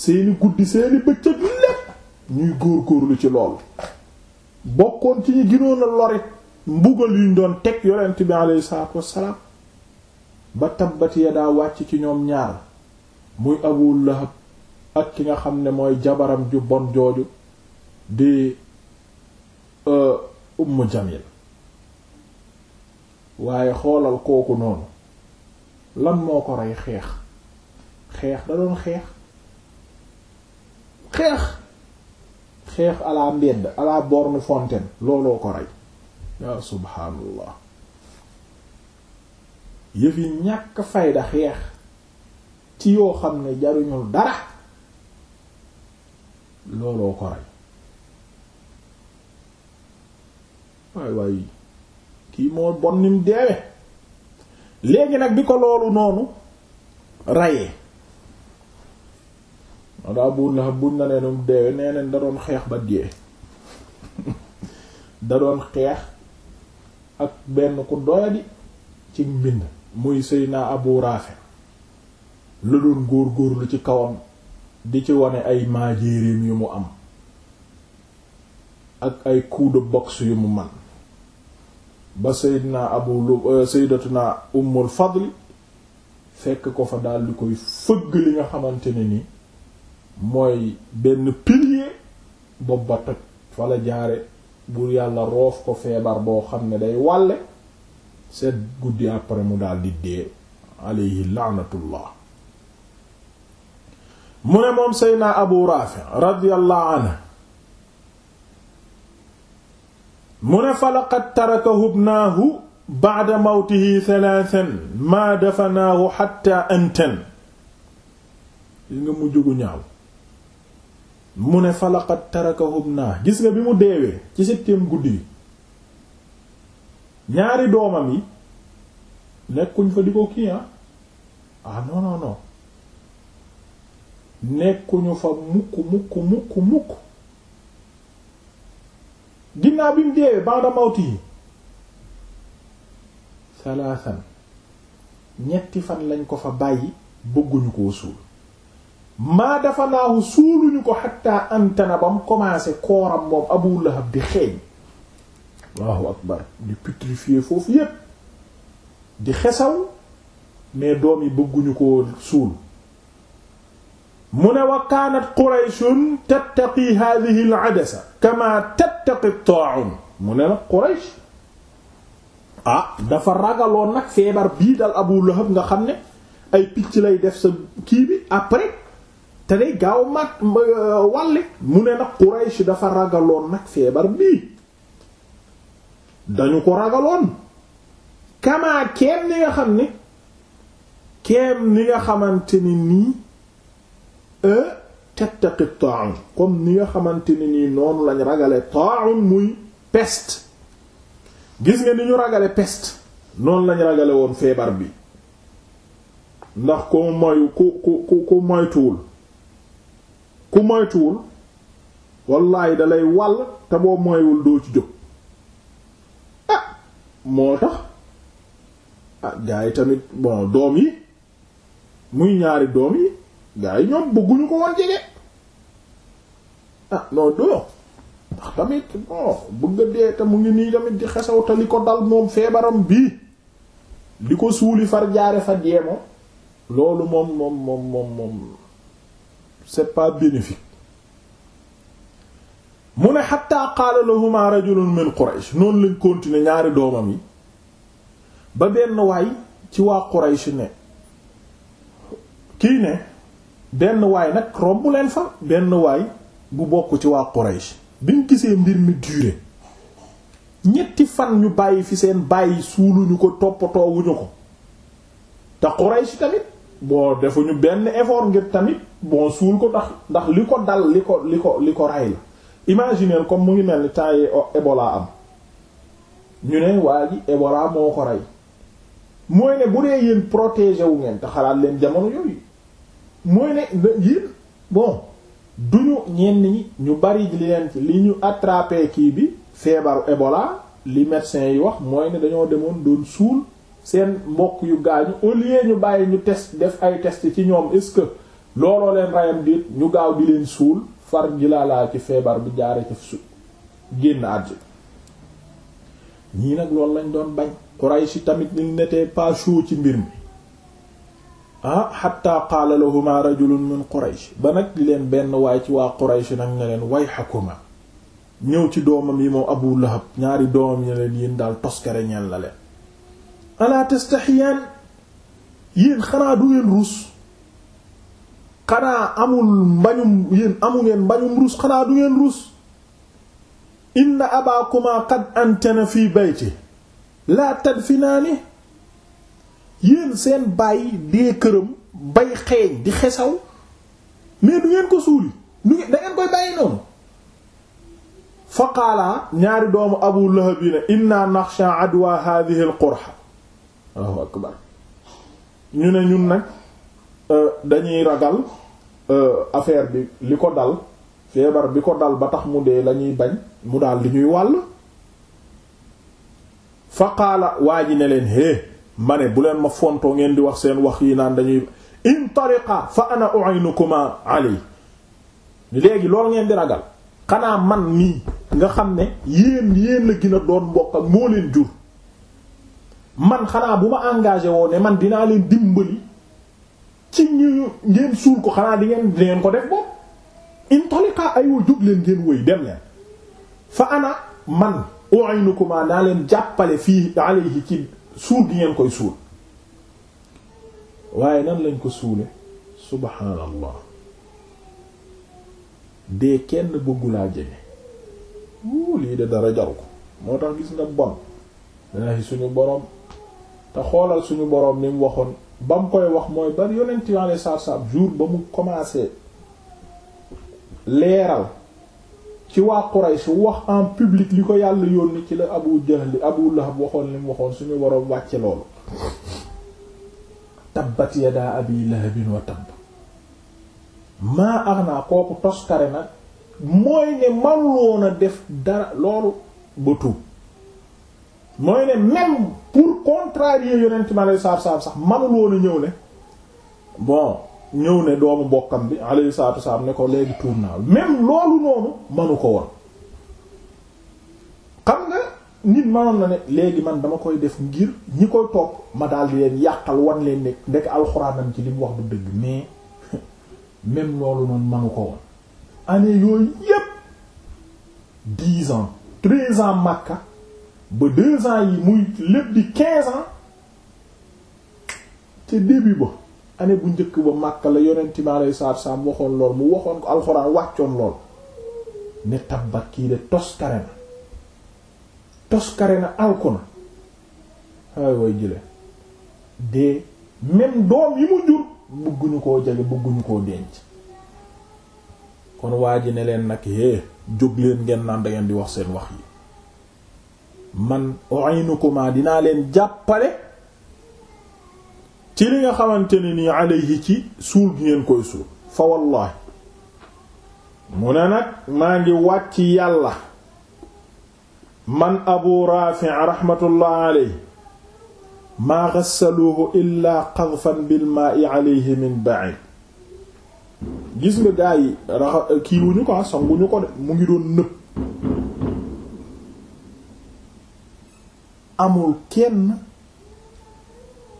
Speaker 1: seeni guddi seeni bëccëg lépp ñuy góor góorlu ci loolu bokkoon ci ñi ginoon a lorit mbugal yuñ doon teg yonent bi alayhi salaatu ba tabbat ya daa wàcc ci ñoom ñaar muy Abu Lahab ak ki nga xam ne mooy jabaram ju bon jooju di Umm Jamil waaye xoolal kooku noonu lan moo ko rey xeex xeex da doon xeex xeex xeex à la mbedd à la fontaine looloo ko rey yaa subhaanallah yëf yi ñàkk fayda xeex ci yoo xam ne jaruñul dara looloo ko rey waay waay kii moo bon nim deewe léegi nag bi ko loolu noonu rayee moo daa buur la buñ na neenum deewe nee neen da doon xeex ba dee da doon xeex ak benn ku doyadi ci mbind muy Seydina Abu Raafi la doon góor-góorlu ci kawam di ci wane ay maajéeréem yu mu am ak ay coup de yu mu man ba Seydina Abu Lu euh, Sayyidatuna Ummul Fadl fekk ko fa daal di koy fëgg li nga xamante ne ni mooy benn pilier boobu ba toj jaare buur yàlla roof ko feebar boo xam ne day wàlle seet guddi après mu dal di dee alayhi laanatullah mu ne moom seydna abu raafi radiyallahu anhu mu ne falaqad tarakahu ibnahu ba'da mawtihi thalathan ma dafanaahu hatta antan li nga mujj gu ñaaw mu ne falaqat tarakahum naa gis nga bi mu deewee ci septième guddi gi ñaari doomam yi nekkuñ fa di ko kii ah, ah non non nekkuñu fa mukk mukk mukk mukk ginnaaw bi mu deewee ba'da mawti yi salaasan ñetti fan lañ ko fa bàyyi bëgguñu koo suul maa dafa naahu suuluñu ko xatta antana ba mu commencé kooram moom Abu Lahab di xeeñ Allahu akbar di putrifier foofu yépp di xesaw mais doom yi bëgguñu ko suul mu ne wa kaanat qurayshun tattaqi hadhihi al-adasa tattaqi at mu ne nag quraysh ah dafa ragaloon nag feebar bii dal Abu Lahab nga xam ne ay picc lay def sa kii bi après te day gaaw mat euh, wàlle mu ne nag Quraysh dafa ragaloon nag feebar bii dañu ko ragaloon kamaa keem ni nga xam ne keem ni nga xamante ni nii euh, tattaqi ta'un comme ni nga xamante ni nii noonu lañ ragale ta'un muy pest gis nga ni ñu ragale pest noonu lañ ragale woon feebar bi ndax ko moyu ku ku ku moytuwul ku moytuwul wallaay dalay wàll te boo moywul doo ci jóg ah moo tax ah gars yi tamit bon doom yi muy ñaari doom yi gars yi ñoom bëgguñu ko woon jege ah non doo ndax tamit bon bëgg a dee te mu ngi nii tamit di xesaw te li ko dal moom feebaram bii di ko suuli far jaare fa dee moom loolu moom moom moom moom moom c'est pas bénéfique mu ne xatta qaala lahuma rajulun min Quraysh noonu lañ continuer ñaari doomam yi ba benn waay ci waa Quraysh ne kii ne benn waay nag romb leen fa benn waay bu bokk ci waa Quraysh bi gisee mbir mi duré ñetti fan ñu bàyyi fi seen bàyyi suuluñu ko toppatooguñu ko te Quraysh tamit boo defuñu benn effort ngir tamit bon suul ko ndax ndax li ko dal li ko li ko li ko ray la imaginer comme mu ngi mel ni temps yi Ebola am ñu ne waa ji Ebola moo ko ray mooy ne bu dee yéen protégé wu ngeen te xalaat leen jamono yooyu mooy ne yéen bon duñu ñenn ñi ñu bari li leen ci li ñu attrapé kii bi feebaru Ebola li médecin yi wax mooy ne dañoo demoon doon suul seen mbokk yu gaañu au lieu ñu bàyyi ñu test def ay test ci ñoom est-ce que looloo leen rayam déet ñu gaaw di leen suul far jilaalaa ci feebar bu jaare ci su génn àddina ñii nag loolu lañ doon bañ yi tamit il n'était pas chaud ci mbir mi ah hatta qaala lahuma rajulun min Quraysh ba nag leen benn waay ci waa Quraysh nag ne leen wayhakuma ñëw ci doomam yi moom Abu Lahab ñaari doomam ñe leen yéen daal toskare ñeen la leen ala tastahiyaan yéen xanaa du ngeen rus xanaa amul mbañum yéen amu ngeen mbañum rus xanaa du ngeen rus inna abaakuma qad antana fii bayti laa tadfinaani yéen seen bàyyi dee këram bay xeeñ di xesaw mais du ngeen ko suuli du ngeen da koy bàyyi noonu fa qaala ñaari doomu abu lahab yi ne inna naxsha adwa al qurha ñu ne ñun nag Euh, dañuy ragal euh, affaire bi li ko dal feebar bi ko dal ba tax mu dee lañuy bañ mu daal di ñuy wàll fa qaala waa ji ne leen hé ma ne bu leen ma fontoo ngeen di wax seen wax yi naan dañuy intariqa fa ana u'inukuma ali léegi lool ngeen di ragal xanaa man nii nga xam ne yéen yéen la gën doon mbokk ak moo leen jur man xanaa bu ma engagé woo ne man dinaa leen dimbali ci ñu ngeen suul ko xanaa di ngeen di ngeen ko def bopp intolika aywa jóg leen ngeen wëy dem leen fa ana man u'inukuma naa leen jàppale fii alayhi ci suul di ngeen koy suul waaye nan lañ ko suule subhaanallah dee kenn bëggulaa jege wuu lii de dara jaru ko moo tax gis nga bon dana suñu boroom te xoolal suñu boroom ni mu waxoon ba mu koy wax mooy ba yonent bi alayhi salaatu salaam jour ba mu commencé leeral ci waa Quraysh wax en public li ko yàlla yónni ci la Abu Jahl Abu Lahab waxoon li mu waxoon suñu waroon wàcce loolu tabbat yadaa abi lahabin wa tabb maa aghnaa kooku toskare nag mooy ne manuloon a def dara loolu ba tuub mooy ne même pour contrarier yonent mi alayhi salaatu salaam sax manul woon ñëw ne bon ñëw ne doomu bokkam bi alayhi salaatu salaam ne ko léegi tuur naa même loolu noonu manu ko woon xam nga nit manoon na ne léegi man dama koy def ngir ñi koy toog ma daal di leen yàqal wan leen ne ndekk alxuraanam ci li mu wax du dëgg mais même loolu noonu manu ko woon année yooyu yépp dix ans treize ans Makka ba deux ans yi muy lépp di quinze ans te début ba année bu njëkk ba Makka la yonent mi alayhi salaatu salaam waxoon lool mu waxoon ko alxuraan wàccoon lool ne tabbat kii de toskare na toskare na alku na ay way jële de même doom yi mu jur bëgguñu koo jege bëgguñu koo denc kon waa ji ne leen nag hé jóg leen ngeen naan da di wax seen wax yi man u'inukuma dinaa leen jàppale ci li nga xamante ne nii alayhi ci suul gi ngeen koy suul fa wallahi mu ne nag maa ngi wàcc yàlla man abu rafi' rahmatullah alayhi maa ghassaluhu illaa qadfan bil maa'i alayhi min ba'id gis nga gaa raxa kiiwuñu ko sanguñu ko de mu ngi doon nëb amul kenn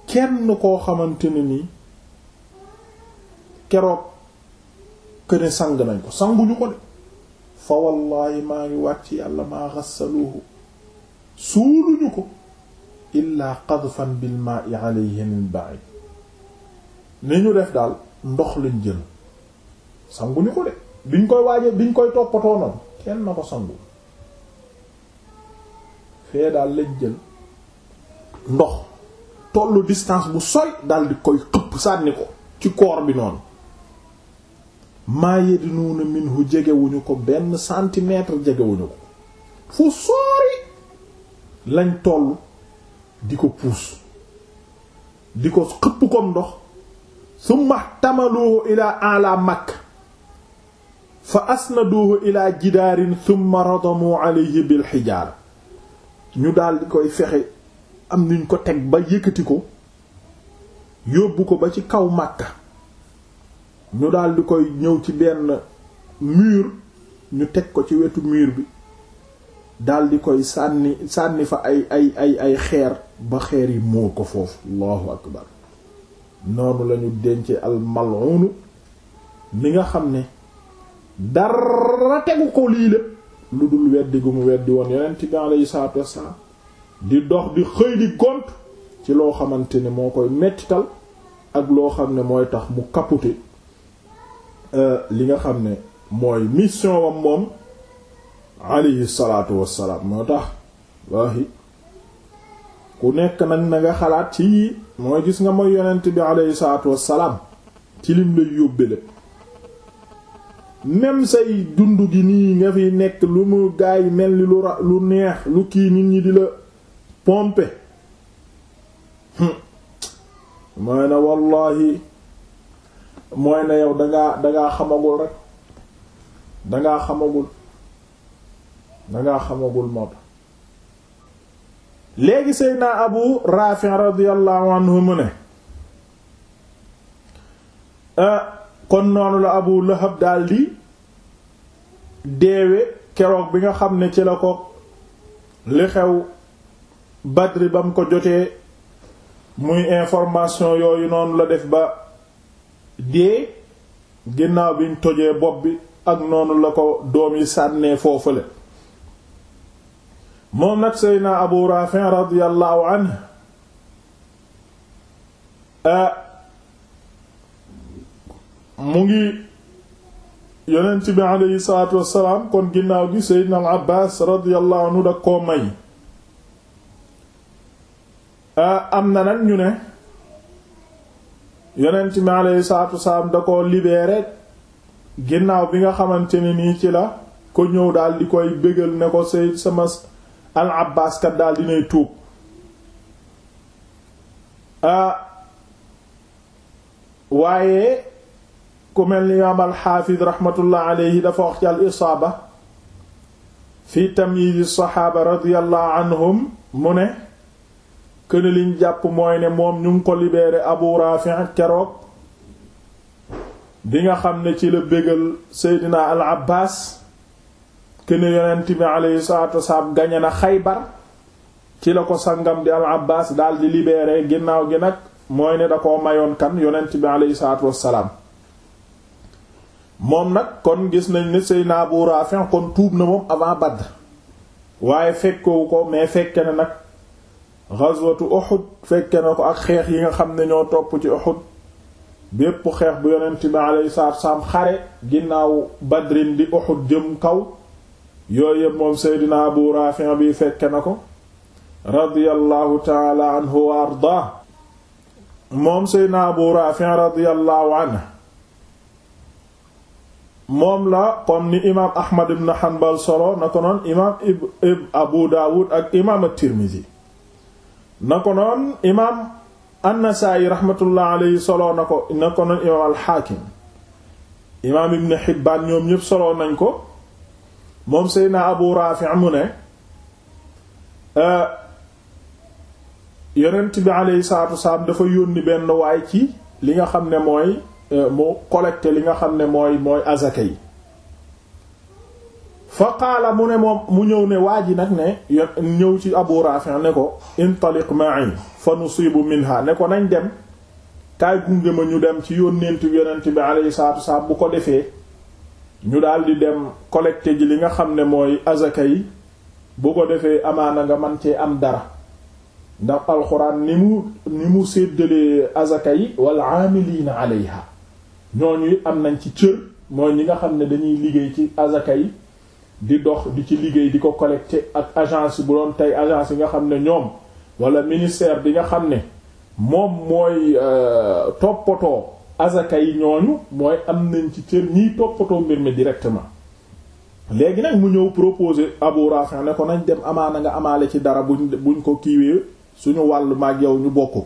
Speaker 1: kenn koo xamante ne nii keroog këne sang nañ ko sanguñu ko de fa wallaahi maa ngi wàcc yàlla maa xassaluuhu suuluñu ko illaa qadfan bil maa'i alayhi min baax ni ñu def daal ndox lañ jël sanguñu ko de biñ koy waaje biñ koy toppatoo noonu kenn na ko sangu fee daal lañ jël ndox tollu distance bu sori dal di koy xëpp sànni ko ci koor bi noonu maa yadnuuna minhu jegewuñu ko benn centimètre jegewuñu ko fu sori lañ toll di ko puus di ko xëpp comme ndox summa tamaluhu ila ala makk fa asnaduhu ila jidaarin summa radamu alayhi bil xijaara ñu daal koy fexe am nuñ ko teg ba yëkkati ko yóbbu ko ba ci kaw Makka ñu daldi koy ñëw ci benn mur ñu teg ko ci wetu mur bi daldi di koy sànni sànni fa ay ay ay xeer ba xeer yi moo ko foofu allahu akbar noonu lañu dencee al mal'un mi nga xam ne dara tegu ko lii lépp lu dul weddi gu mu weddi woon yonent bi alayhi salaatu wassalaam di dox di xëy di gont ci loo xamante ni moo koy mettital ak loo xam ne mooy tax mu capoter euh, li nga xam ne mooy mission wam moom alayhi salaatu wassalaam moo tax waaye ku nekk nag na nga xalaat ci mooy gis nga mooy yonent bi alayhi salaatu wassalaam ci lim lay yóbbe lépp même say dund gi nii nga fi nekk lu mu gaay mel ni lu ra lu neex lu kii nit ñi di la pompe hmm. mooy na wallahi mooy na yow dangaa dangaa xamagul rek dangaa xamagul dangaa xamagul moo tax léegi Seydina Abu Rafi' radiyallahu anhu mu ne ah, kon noonu la Abu dal daldi deewe keroog bi nga xam ne ci la ko li xew Badr ba mu ko jotee muy information yooyu noonu la def ba dee ginnaaw biñ tojee bopp bi ak noonu la ko doom yi sànnee foofale moom nag Seydina Abu Rafi' radiyallahu anhu ah, mu ngi yonent bi aleyhi salaatu wassalaam kon ginnaaw gi seydina al abbaas radiyallahu da koo may am na nag ñu ne yonent bi aleyhi salaatu wassalaam da koo libéré ginnaaw bi nga xamante ni nii ci la ko ñëw daal di koy bégal ne ko seyd sama al abbaas kat daal dinay tuub waaye ku mel ni imaam alxaafid raxmatullah aleyhi dafa wax ci al isaaba fi tamyiz saxaaba radiyallahu anhum mu ne këne jàpp mooy ne moom ñu ngi ko libeere abu raafi keroog bi nga xam ne ci la bégal seydina al abbaas këne yonent bi aleyhi salaatu wasalaam gañe na di libeere ginnaaw gi nag mooy ne da koo mayoon kan yonent bi aleyhi salaatu moom nag kon gis nañ ne Seydina Abu Rafi kon tuub na moom avant Badr waaye fekkewu ko mais fekke na nag ghazwatu Uhud fekke na ko ak xeex yi nga xam ne ñoo topp ci Uhud bépp xeex bu yonent bi alayhi salaatu salaam xare ginnaaw Badrin kaw yooyu yëpp moom bi fekke na ko radiyallahu taala anhu wa ardaa moom Seydina Abu Rafi radiyallahu anhu moom la comme ni imaam Ahmad ibn Hanbal solo na ko noon imaam ibn Abu Dawud ak imaam at-Tirmidhi na ko noon imaam an-Nasa'i rahmatullah solo na ko na ko noon imaam al imaam ibn Hibban ñoom ñëpp solo nañ ko moom Seydina Abu Rafi' mu ne euh, yonent bi alayhi salaatu wasalaam dafa yónni benn waay ci li nga xam ne mooy Euh, mu collecté li nga xam ne mooy mooy azaka yi fa qaala mu ne moom mu ñëw ne waa ji nag ne ñëw ci Abu Rafi ne ko intaliq ma'i fa nusibu minha ne ko nañ dem kaay gunge ma ñu dem ci yónnent yonent bi alayhi salaatu wasalaam bu ko defee ñu daal di dem collecté ji li nga xam ne mooy azaka yi bu ko defee amaana nga man cee am dara ndax alxuraan ni mu ni mu séddalee azaka yi wal aamiliina alayha ñooñu am nañ ci cër mooy ñi nga xam ne dañuy liggéey ci azaka yi di dox di ci liggéey di ko collecté ak agence bu doon tey agence yi nga xam ne ñoom wala ministère bi nga xam ne moom mooy euh, toppatoo azaka yi ñooñu mooy am nañ ci cër ñiy toppatoo mbir mi directement léegi nag mu ñëw proposer Abu Rafi ne ko nañ dem amaana nga amaale ci dara buñ buñ ko kiiwee suñu wàll maag yow ñu bokk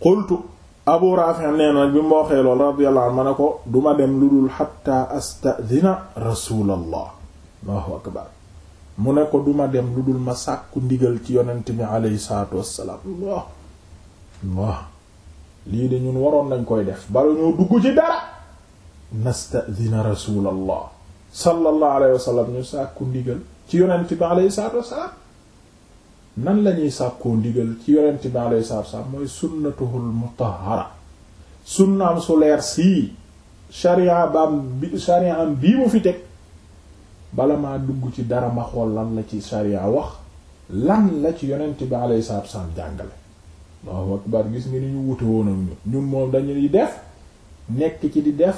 Speaker 1: xultu abu raafi nee na bi mu waxee lool radiyallahu anhu ma ne ko duma dem lu dul xatta astadina rasulallah allahu akbar mu ne ko duma dem lu dul ma sàkku ndigal ci yonent bi aleyhi salaatu wassalaam lii de ñun waroon nañ koy def bari ñoo dugg ci dara nastadina rasulallah sallallahu alayhi wasallam ñu sàkku ndigal ci yonent bi aleyhi nan lañuy sàkkoo ndigal ci yonenti bi alayhi salaatu wassalaam mooy sunnatuhul mutahhara sunnaam su leer sii sharia baam bi sharia am bii mu fi teg bala ma dugg ci dara ma xool lan la ci sharia wax lan la ci yonent bi alayhi salaatu wassalaam jàngale Allahu akbar gis nga ni ñu wute woon ak ñun ñun moom dañuy def nekk ci di def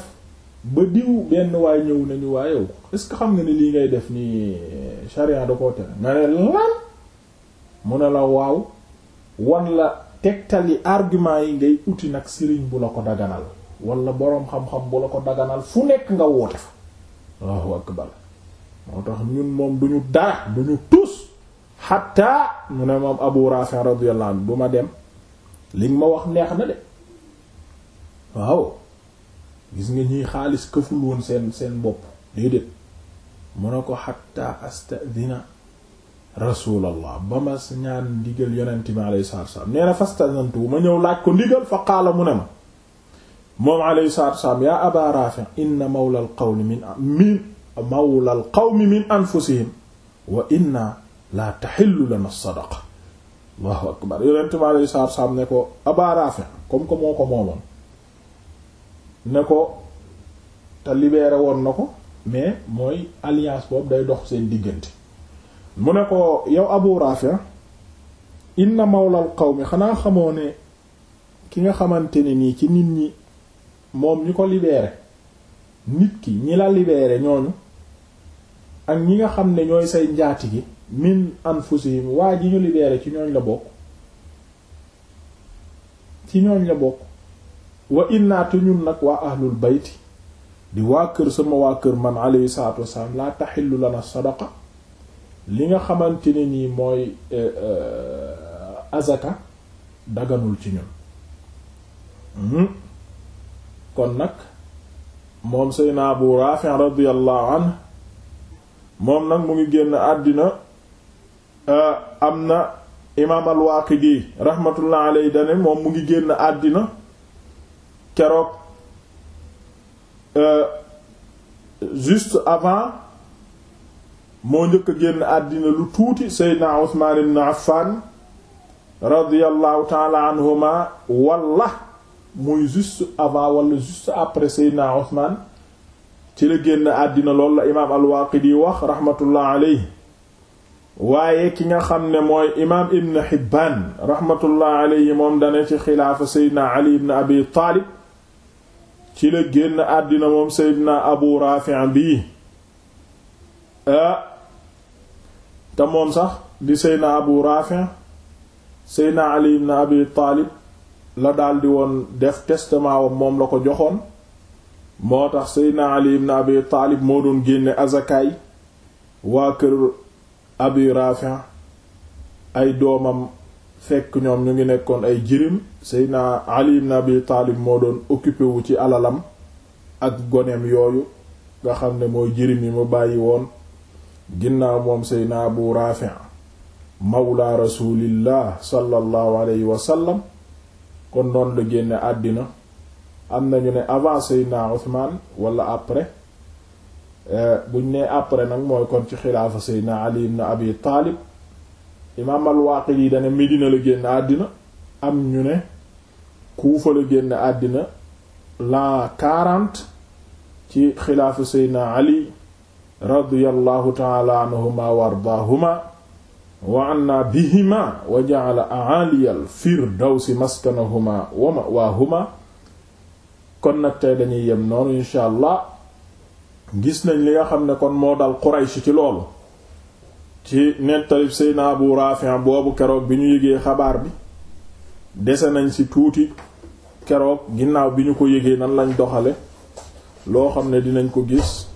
Speaker 1: ba diw benn waay ñëw nañu waaye yow est-ce que xam nga ne lii ngay def nii sharia da koo tere nga ne lan mu ne la waaw wan la tegtali argument yi ngay uti nag sëriñ bu la ko daganal wala boroom xam-xam bu la ko daganal fu nekk nga woote fa Allahu akbar moo tax ñun moom duñu dara duñu tus xatta mu ne moom Abu Rafi radiyallahu anhu bu ma dem li nga ma wax neex na de waaw gis nga ñiy xaalis këful woon seen seen bopp déedéet mu ne ko xatta astadina rasulallah ba ma ñaan ndigal yonent bi alayhi salaatu salaam nee ma ñëw laaj ko ndigal fa qaala mu ne ma moom alayhi salaatu salaam yaa aba raafi inna mawla al min anfusihim wa inna laa taxillu lana sadaqa allahu akbar yonent bi alayhi salaatu ne ko aba raafi comme que moo ko moomoon ne ko te libéré woon na ko mais mooy alliance boobu day dox seen diggante mu ne ko yow abu rafia inna mawlal mi xanaa xamoo ne ki nga xamante ne nii ci nit ñi moom ñi ko libéré nit ki ñi la libéré ñooñu ak ñi nga xam ne ñooy say njaati gi min anfusihim waa ji ñu libéré ci ñooñ la bokk ci ñooñ la bokk wa innaatu ñun nag waa ahlul bayti di waa kër sama waa kër man alayhi salaatu wasalaam laa taxillu lana sadaqa li nga xamante ne nii mooy eh, eh, azaka daganul ci ñun hmm? kon nag moom Seydina Abu Rafi radiyallahu anhu moom nag mu ngi génn àddina eh, am na imaam al-Waaqidi rahmatullah alayhi dane moom mu ngi génn àddina keroog juste avant moo njëkk génn àddina lu tuuti seydna Usmaan ibn Affan radiyallahu taala anhuma wala muy juste avant wala juste après seydna Usmaan ci la génn àddina loolu la imaam al wax rahmatullah alayhi waaye ki nga xam ne mooy imaam ibn Hibbaan rahmatullah alayhi moom dane ci xilaafa seydna Ali ibn Abi Taalib ci la génn àddina moom seydna Abu Raafi' bi te moom sax di seyna abu rafin seyna ali ibn abi taalib la daldi woon def testament wam moom la ko joxoon moo tax seyna ali ibn abi taalib moo doon génne azakaay waa kër abi rafin ay doomam fekk ñoom ñu ngi nekkoon ay jirim seyna ali ibn abi taalib moo doon occupé wu ci alalam ak goneem yooyu nga xam ne mooy jirim yi mu bàyyi woon ginnaaw moom seydna abu raafi mawla rasulillah sallallahu alayhi wa kon noonu la génne àddina am na ñu ne avant seydna uthman wala après eh, buñ ne après nag mooy kon ci xilaafa seydna ali ibn abi taalib imaam al-Waaqidi dana Medina la génn àddina am ñu ne Kuufa la génn àddina l'an 40 ci xilaafa seydna ali radiyallahu taala anhuma wa ardaahuma wa anna bihima wa ja'ala a'aliyal si maskanahuma wa ma'waahuma kon nag tey dañuy yem noonu incha allah gis nañ li nga xam ne kon moo dal Quraysh ci loolu ci nettalib Seydina Abu Rafi boobu keroog bi ñu yëgee xabaar bi dese nañ si tuuti keroog ginnaaw bi ñu ko yëgee nan lañ doxale loo xam ne dinañ ko gis